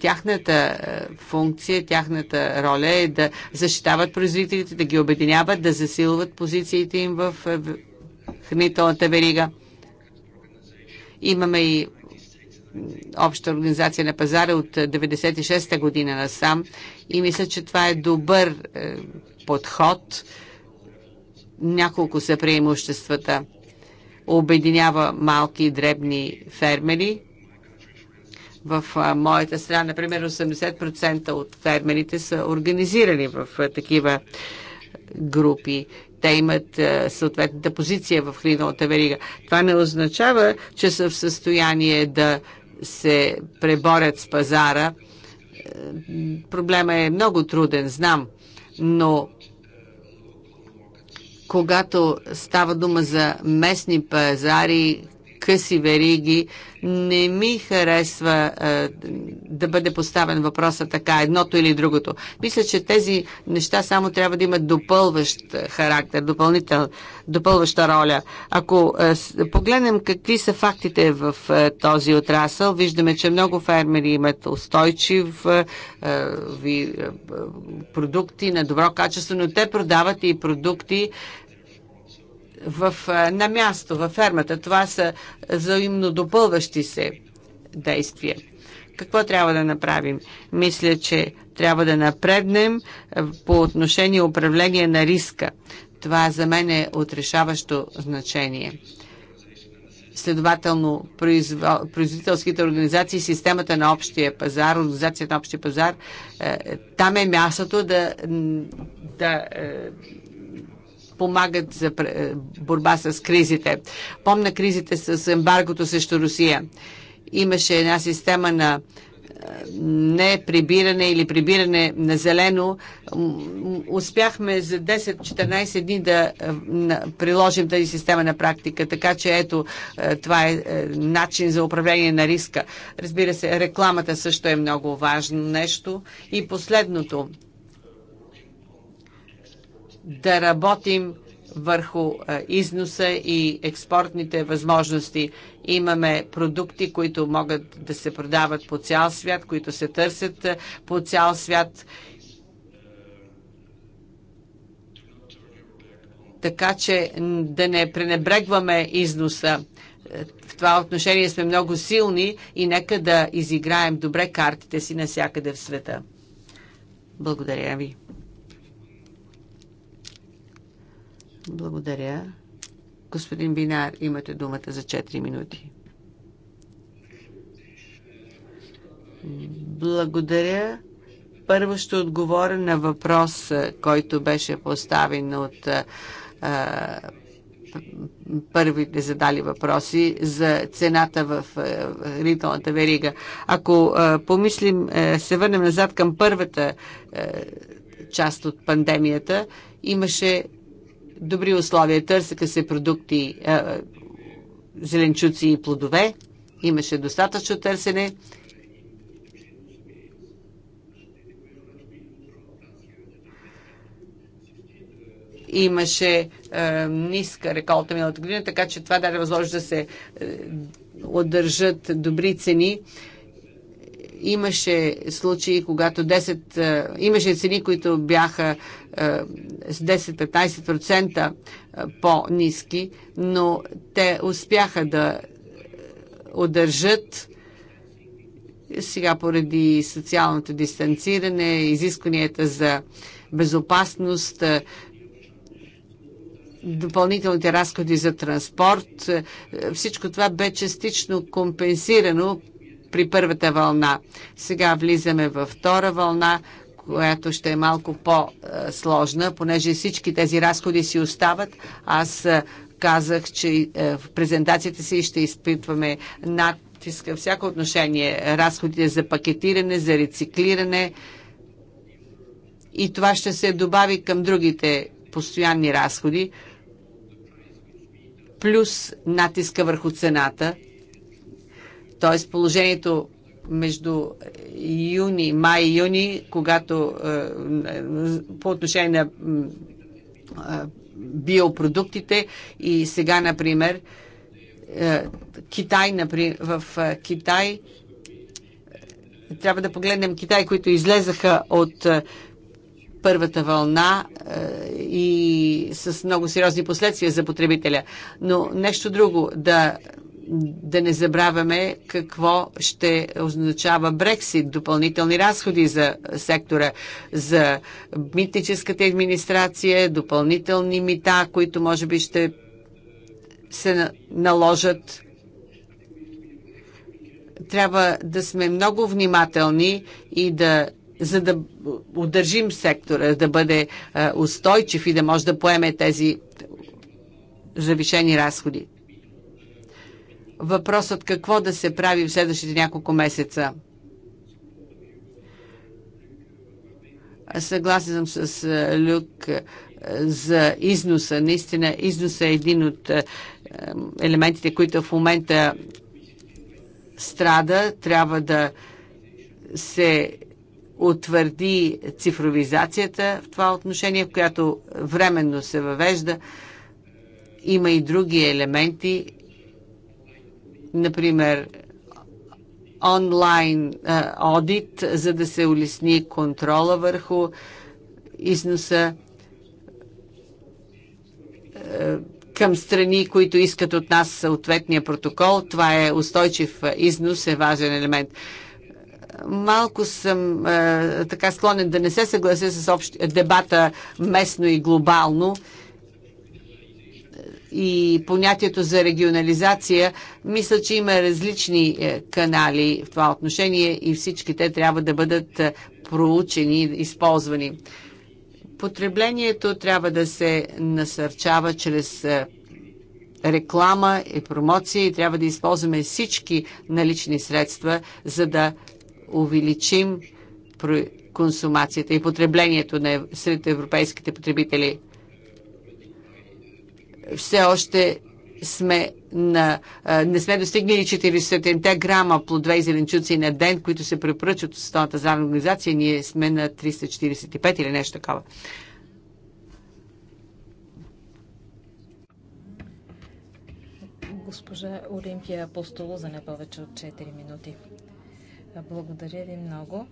тяхната е, функция, тяхната роля е да защитават производителите, да ги обединяват, да засилват позициите им в е, хранителната верига. Имаме и обща организация на пазара от 96-та година насам и мисля, че това е добър подход. Няколко са преимуществата. Обединява малки и дребни фермери. В моята страна, например, 80% от фермерите са организирани в такива групи те имат съответната позиция в Хлиналата верига. Това не означава, че са в състояние да се преборят с пазара. Е, проблема е много труден, знам, но когато става дума за местни пазари, къси вериги. Не ми харесва е, да бъде поставен въпроса така, едното или другото. Мисля, че тези неща само трябва да имат допълващ характер, допълнител, допълваща роля. Ако е, погледнем какви са фактите в е, този отрасъл, виждаме, че много фермери имат устойчив е, ви, е, продукти на добро качество, но те продават и продукти в, на място, във фермата. Това са взаимно допълващи се действия. Какво трябва да направим? Мисля, че трябва да напреднем по отношение управление на риска. Това за мен е отрешаващо значение. Следователно, производителските организации, системата на общия пазар, организацията на общия пазар, е, там е мястото да, да е, помагат за борба с кризите. Помна кризите с ембаргото срещу Русия. Имаше една система на е, не прибиране или прибиране на зелено. Успяхме за 10-14 дни да е, приложим тази система на практика, така че ето е, това е начин за управление на риска. Разбира се, рекламата също е много важно нещо. И последното, да работим върху износа и експортните възможности. Имаме продукти, които могат да се продават по цял свят, които се търсят по цял свят. Така че да не пренебрегваме износа. В това отношение сме много силни и нека да изиграем добре картите си навсякъде в света. Благодаря ви. Благодаря. Господин Бинар, имате думата за 4 минути. Благодаря. Първо ще отговоря на въпрос, който беше поставен от а, първите задали въпроси за цената в хранителната верига. Ако а, помислим, а, се върнем назад към първата част от пандемията, имаше добри условия. Търсеха се продукти, зеленчуци и плодове. Имаше достатъчно търсене. имаше е, ниска реколта миналата година, така че това даде възможност да се е, удържат добри цени имаше случаи, когато 10, е, имаше цени, които бяха е, с 10-15% е, по-низки, но те успяха да удържат сега поради социалното дистанциране, изискванията за безопасност, допълнителните разходи за транспорт. Всичко това бе частично компенсирано при първата вълна. Сега влизаме във втора вълна, която ще е малко по-сложна, понеже всички тези разходи си остават. Аз казах, че в презентацията си ще изпитваме натиска всяко отношение. Разходите за пакетиране, за рециклиране и това ще се добави към другите постоянни разходи, плюс натиска върху цената – Тоест положението между юни, май и юни, когато е, е, по отношение на биопродуктите и сега, например, е, Китай, например, в Китай трябва да погледнем Китай, които излезаха от първата вълна и с много сериозни последствия за потребителя. Но нещо друго, да да не забравяме какво ще означава Брексит, допълнителни разходи за сектора, за митническата администрация, допълнителни мита, които може би ще се наложат. Трябва да сме много внимателни и да за да удържим сектора, да бъде устойчив и да може да поеме тези завишени разходи въпросът какво да се прави в следващите няколко месеца. Съгласен съм с Люк за износа. Наистина, износа е един от елементите, които в момента страда. Трябва да се утвърди цифровизацията в това отношение, в която временно се въвежда. Има и други елементи, например, онлайн одит, за да се улесни контрола върху износа към страни, които искат от нас съответния протокол. Това е устойчив износ, е важен елемент. Малко съм е, така склонен да не се съглася с общ, дебата местно и глобално и понятието за регионализация, мисля, че има различни е, канали в това отношение и всички те трябва да бъдат е, проучени, използвани. Потреблението трябва да се насърчава чрез е, реклама и промоция и трябва да използваме всички налични средства, за да увеличим консумацията и потреблението на, сред европейските потребители все още сме на, а, не сме достигнали 40-те грама плодове и зеленчуци на ден, които се препоръчат от Световната здравна организация. Ние сме на 345 или нещо такова. Госпожа Олимпия Апостоло за не повече от 4 минути. Благодаря ви много.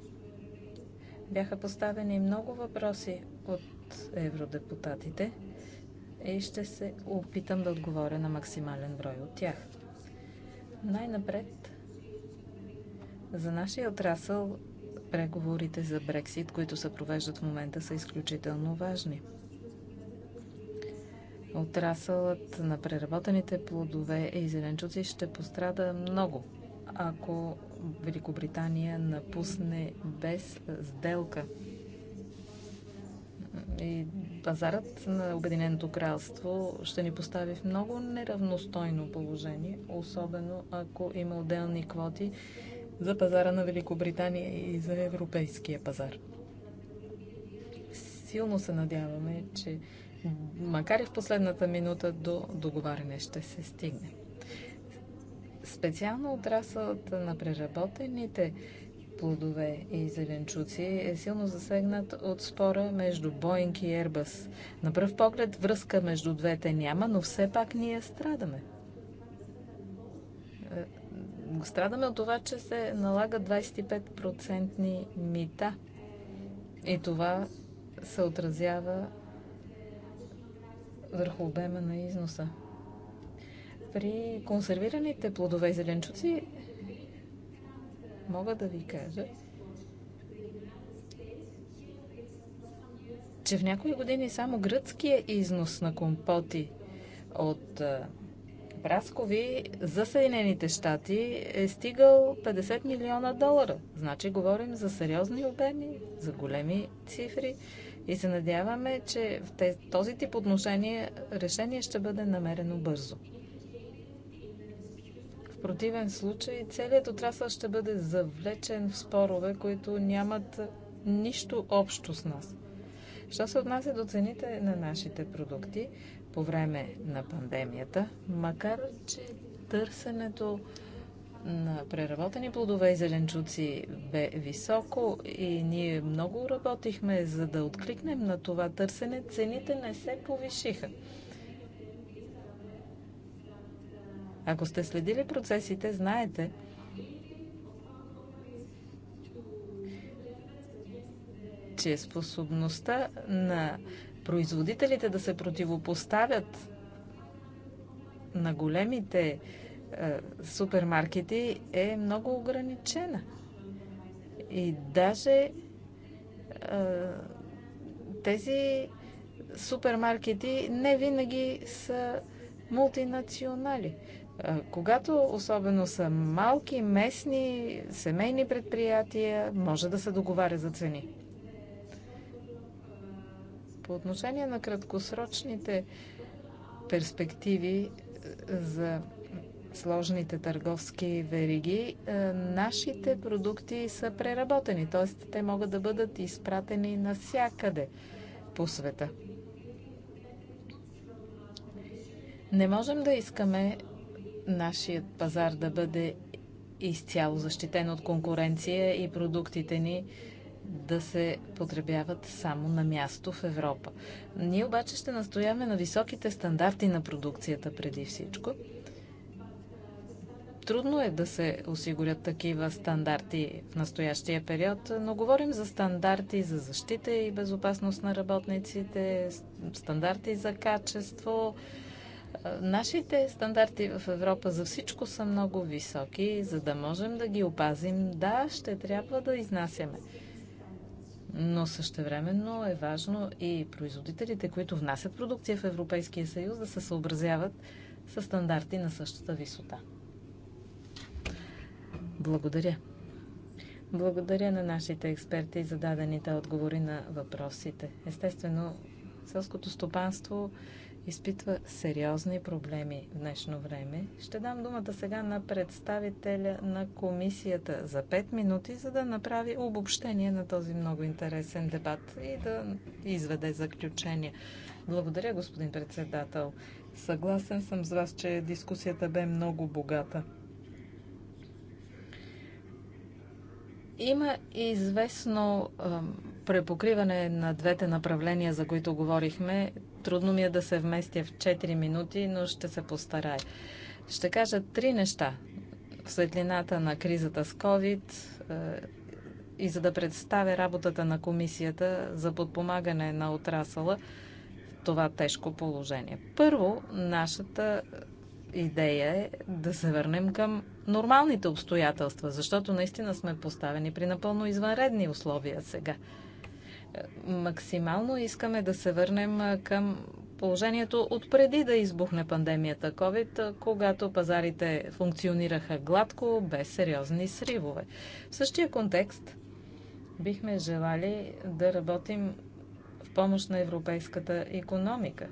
Бяха поставени много въпроси от евродепутатите и е, ще се опитам да отговоря на максимален брой от тях. Най-напред, за нашия отрасъл преговорите за Брексит, които се провеждат в момента, са изключително важни. Отрасълът на преработените плодове и зеленчуци ще пострада много, ако Великобритания напусне без сделка и пазарът на Обединеното кралство ще ни постави в много неравностойно положение, особено ако има отделни квоти за пазара на Великобритания и за европейския пазар. Силно се надяваме, че макар и в последната минута до договаряне ще се стигне. Специално отрасълът на преработените плодове и зеленчуци е силно засегнат от спора между Боинг и Ербас. На пръв поглед връзка между двете няма, но все пак ние страдаме. Е, страдаме от това, че се налага 25% мита. И това се отразява върху обема на износа. При консервираните плодове и зеленчуци мога да ви кажа, че в някои години само гръцкият износ на компоти от Праскови за Съединените щати е стигал 50 милиона долара. Значи говорим за сериозни обеми, за големи цифри и се надяваме, че в този тип отношение решение ще бъде намерено бързо. В противен случай целият отрасъл ще бъде завлечен в спорове, които нямат нищо общо с нас. Що се отнася до цените на нашите продукти по време на пандемията, макар че търсенето на преработени плодове и зеленчуци бе високо и ние много работихме за да откликнем на това търсене, цените не се повишиха. Ако сте следили процесите, знаете, че способността на производителите да се противопоставят на големите е, супермаркети е много ограничена. И даже е, тези супермаркети не винаги са мултинационали. Когато особено са малки, местни, семейни предприятия, може да се договаря за цени. По отношение на краткосрочните перспективи е, за сложните търговски вериги, е, нашите продукти са преработени, т.е. те могат да бъдат изпратени навсякъде по света. Не можем да искаме нашият пазар да бъде изцяло защитен от конкуренция и продуктите ни да се потребяват само на място в Европа. Ние обаче ще настояваме на високите стандарти на продукцията преди всичко. Трудно е да се осигурят такива стандарти в настоящия период, но говорим за стандарти за защита и безопасност на работниците, стандарти за качество, Нашите стандарти в Европа за всичко са много високи. За да можем да ги опазим, да, ще трябва да изнасяме. Но същевременно е важно и производителите, които внасят продукция в Европейския съюз, да се съобразяват с стандарти на същата висота. Благодаря. Благодаря на нашите експерти за дадените отговори на въпросите. Естествено, селското стопанство е изпитва сериозни проблеми в днешно време. Ще дам думата сега на представителя на комисията за 5 минути, за да направи обобщение на този много интересен дебат и да изведе заключение. Благодаря, господин председател. Съгласен съм с вас, че дискусията бе много богата. Има известно препокриване на двете направления, за които говорихме Трудно ми е да се вместя в 4 минути, но ще се постарай. Ще кажа три неща в светлината на кризата с COVID е, и за да представя работата на комисията за подпомагане на отрасъла в това тежко положение. Първо, нашата идея е да се върнем към нормалните обстоятелства, защото наистина сме поставени при напълно извънредни условия сега максимално искаме да се върнем към положението от преди да избухне пандемията COVID, когато пазарите функционираха гладко, без сериозни сривове. В същия контекст бихме желали да работим в помощ на европейската економика,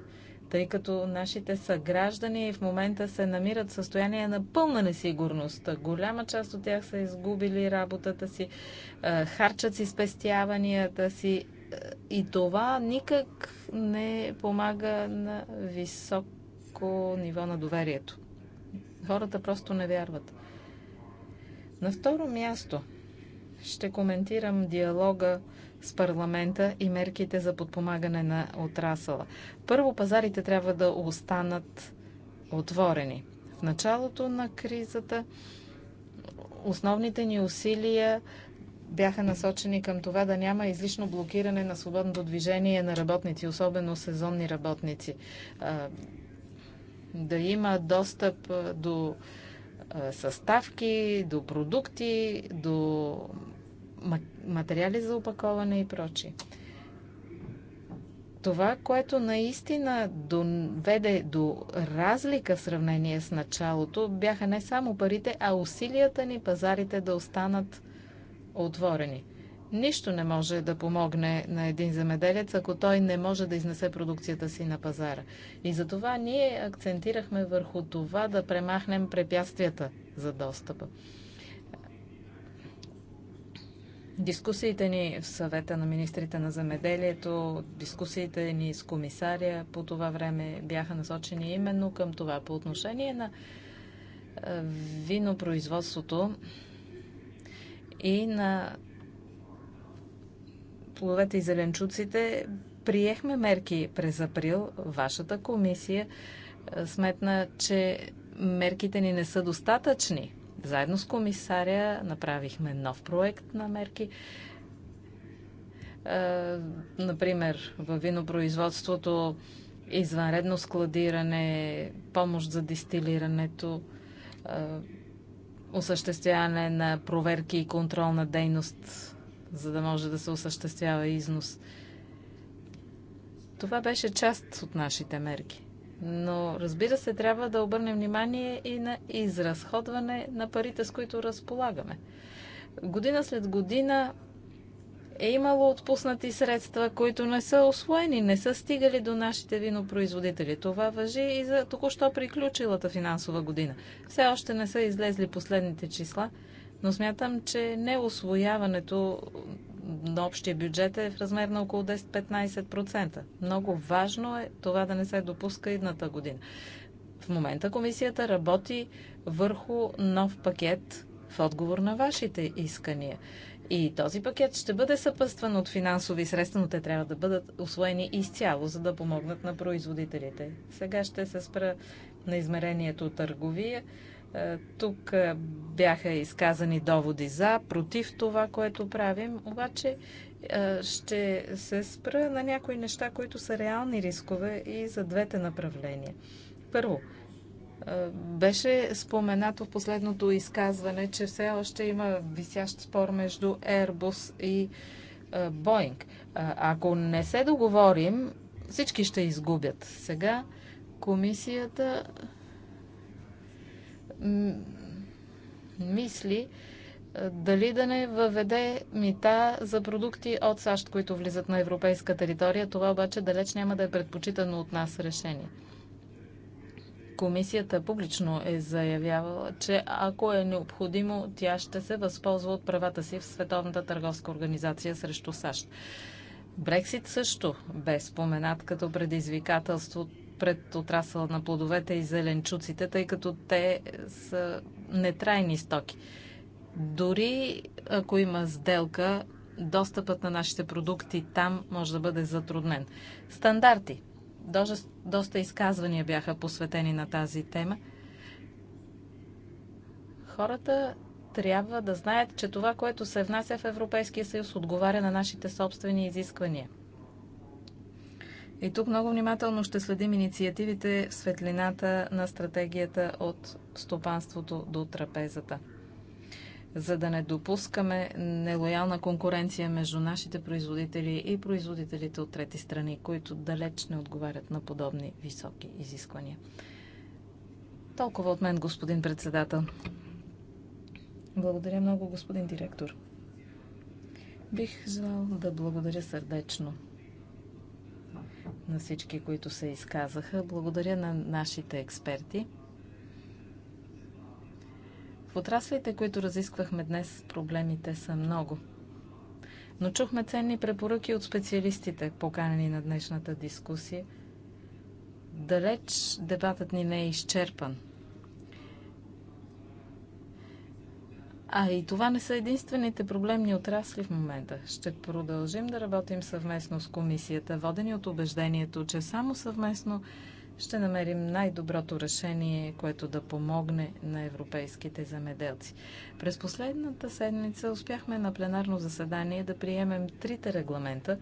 тъй като нашите съграждани в момента се намират в състояние на пълна несигурност. Голяма част от тях са изгубили работата си, харчат си спестяванията си и това никак не помага на високо ниво на доверието. Хората просто не вярват. На второ място ще коментирам диалога с парламента и мерките за подпомагане на отрасъла. Първо, пазарите трябва да останат отворени. В началото на кризата основните ни усилия бяха насочени към това да няма излишно блокиране на свободното движение на работници, особено сезонни работници. Да има достъп до съставки, до продукти, до материали за опаковане и прочи. Това, което наистина доведе до разлика в сравнение с началото, бяха не само парите, а усилията ни пазарите да останат отворени. Нищо не може да помогне на един земеделец, ако той не може да изнесе продукцията си на пазара. И затова ние акцентирахме върху това да премахнем препятствията за достъпа. Дискусиите ни в съвета на министрите на земеделието, дискусиите ни с комисаря по това време бяха насочени именно към това. По отношение на винопроизводството, и на плодовете и зеленчуците приехме мерки през април. Вашата комисия е, сметна, че мерките ни не са достатъчни. Заедно с комисаря направихме нов проект на мерки. Е, например, във винопроизводството извънредно складиране, помощ за дистилирането, е, осъществяване на проверки и контролна дейност, за да може да се осъществява износ. Това беше част от нашите мерки. Но разбира се, трябва да обърнем внимание и на изразходване на парите, с които разполагаме. Година след година е имало отпуснати средства, които не са освоени, не са стигали до нашите винопроизводители. Това въжи и за току-що приключилата финансова година. Все още не са излезли последните числа, но смятам, че неосвояването на общия бюджет е в размер на около 10-15%. Много важно е това да не се допуска едната година. В момента комисията работи върху нов пакет в отговор на вашите искания. И този пакет ще бъде съпъстван от финансови средства, но те трябва да бъдат освоени изцяло, за да помогнат на производителите. Сега ще се спра на измерението търговия. Е, тук е, бяха изказани доводи за, против това, което правим, обаче е, ще се спра на някои неща, които са реални рискове и за двете направления. Първо, е, беше споменато в последното изказване, че все още има висящ спор между Airbus и Боинг. Е, е, ако не се договорим, всички ще изгубят. Сега комисията мисли дали да не въведе мита за продукти от САЩ, които влизат на европейска територия. Това обаче далеч няма да е предпочитано от нас решение. Комисията публично е заявявала, че ако е необходимо, тя ще се възползва от правата си в Световната търговска организация срещу САЩ. Брексит също бе споменат като предизвикателство пред отрасъла на плодовете и зеленчуците, тъй като те са нетрайни стоки. Дори ако има сделка, достъпът на нашите продукти там може да бъде затруднен. Стандарти – Доже, доста изказвания бяха посветени на тази тема. Хората трябва да знаят, че това, което се внася в Европейския съюз, отговаря на нашите собствени изисквания. И тук много внимателно ще следим инициативите в светлината на стратегията от стопанството до трапезата за да не допускаме нелоялна конкуренция между нашите производители и производителите от трети страни, които далеч не отговарят на подобни високи изисквания. Толкова от мен, господин председател. Благодаря много, господин директор. Бих желал да благодаря сърдечно на всички, които се изказаха. Благодаря на нашите експерти. В отраслите, които разисквахме днес, проблемите са много. Но чухме ценни препоръки от специалистите, поканени на днешната дискусия. Далеч дебатът ни не е изчерпан. А и това не са единствените проблемни отрасли в момента. Ще продължим да работим съвместно с комисията, водени от убеждението, че само съвместно ще намерим най-доброто решение, което да помогне на европейските замеделци. През последната седмица успяхме на пленарно заседание да приемем трите регламента,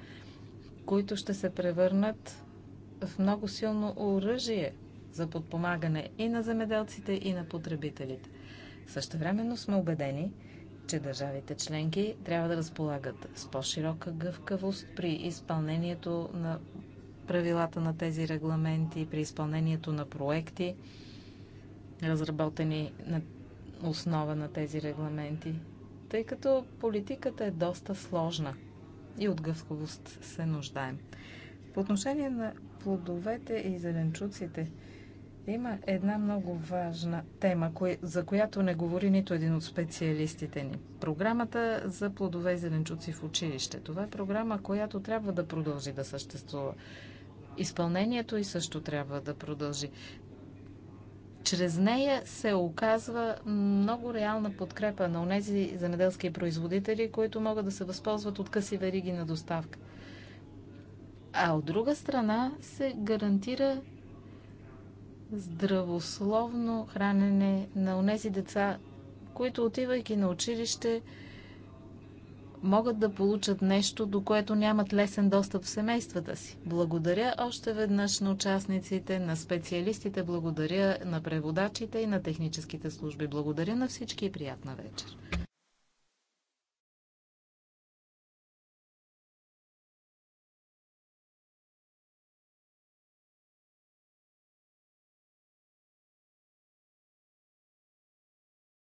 които ще се превърнат в много силно оръжие за подпомагане и на замеделците, и на потребителите. Същевременно сме убедени, че държавите членки трябва да разполагат с по-широка гъвкавост при изпълнението на правилата на тези регламенти при изпълнението на проекти, разработени на основа на тези регламенти, тъй като политиката е доста сложна и от гъвкавост се нуждаем. По отношение на плодовете и зеленчуците, има една много важна тема, за която не говори нито един от специалистите ни. Програмата за плодове и зеленчуци в училище. Това е програма, която трябва да продължи да съществува. Изпълнението и също трябва да продължи. Чрез нея се оказва много реална подкрепа на онези земеделски производители, които могат да се възползват от къси вериги на доставка. А от друга страна се гарантира здравословно хранене на онези деца, които отивайки на училище, могат да получат нещо, до което нямат лесен достъп в семействата си. Благодаря още веднъж на участниците, на специалистите, благодаря на преводачите и на техническите служби. Благодаря на всички и приятна вечер.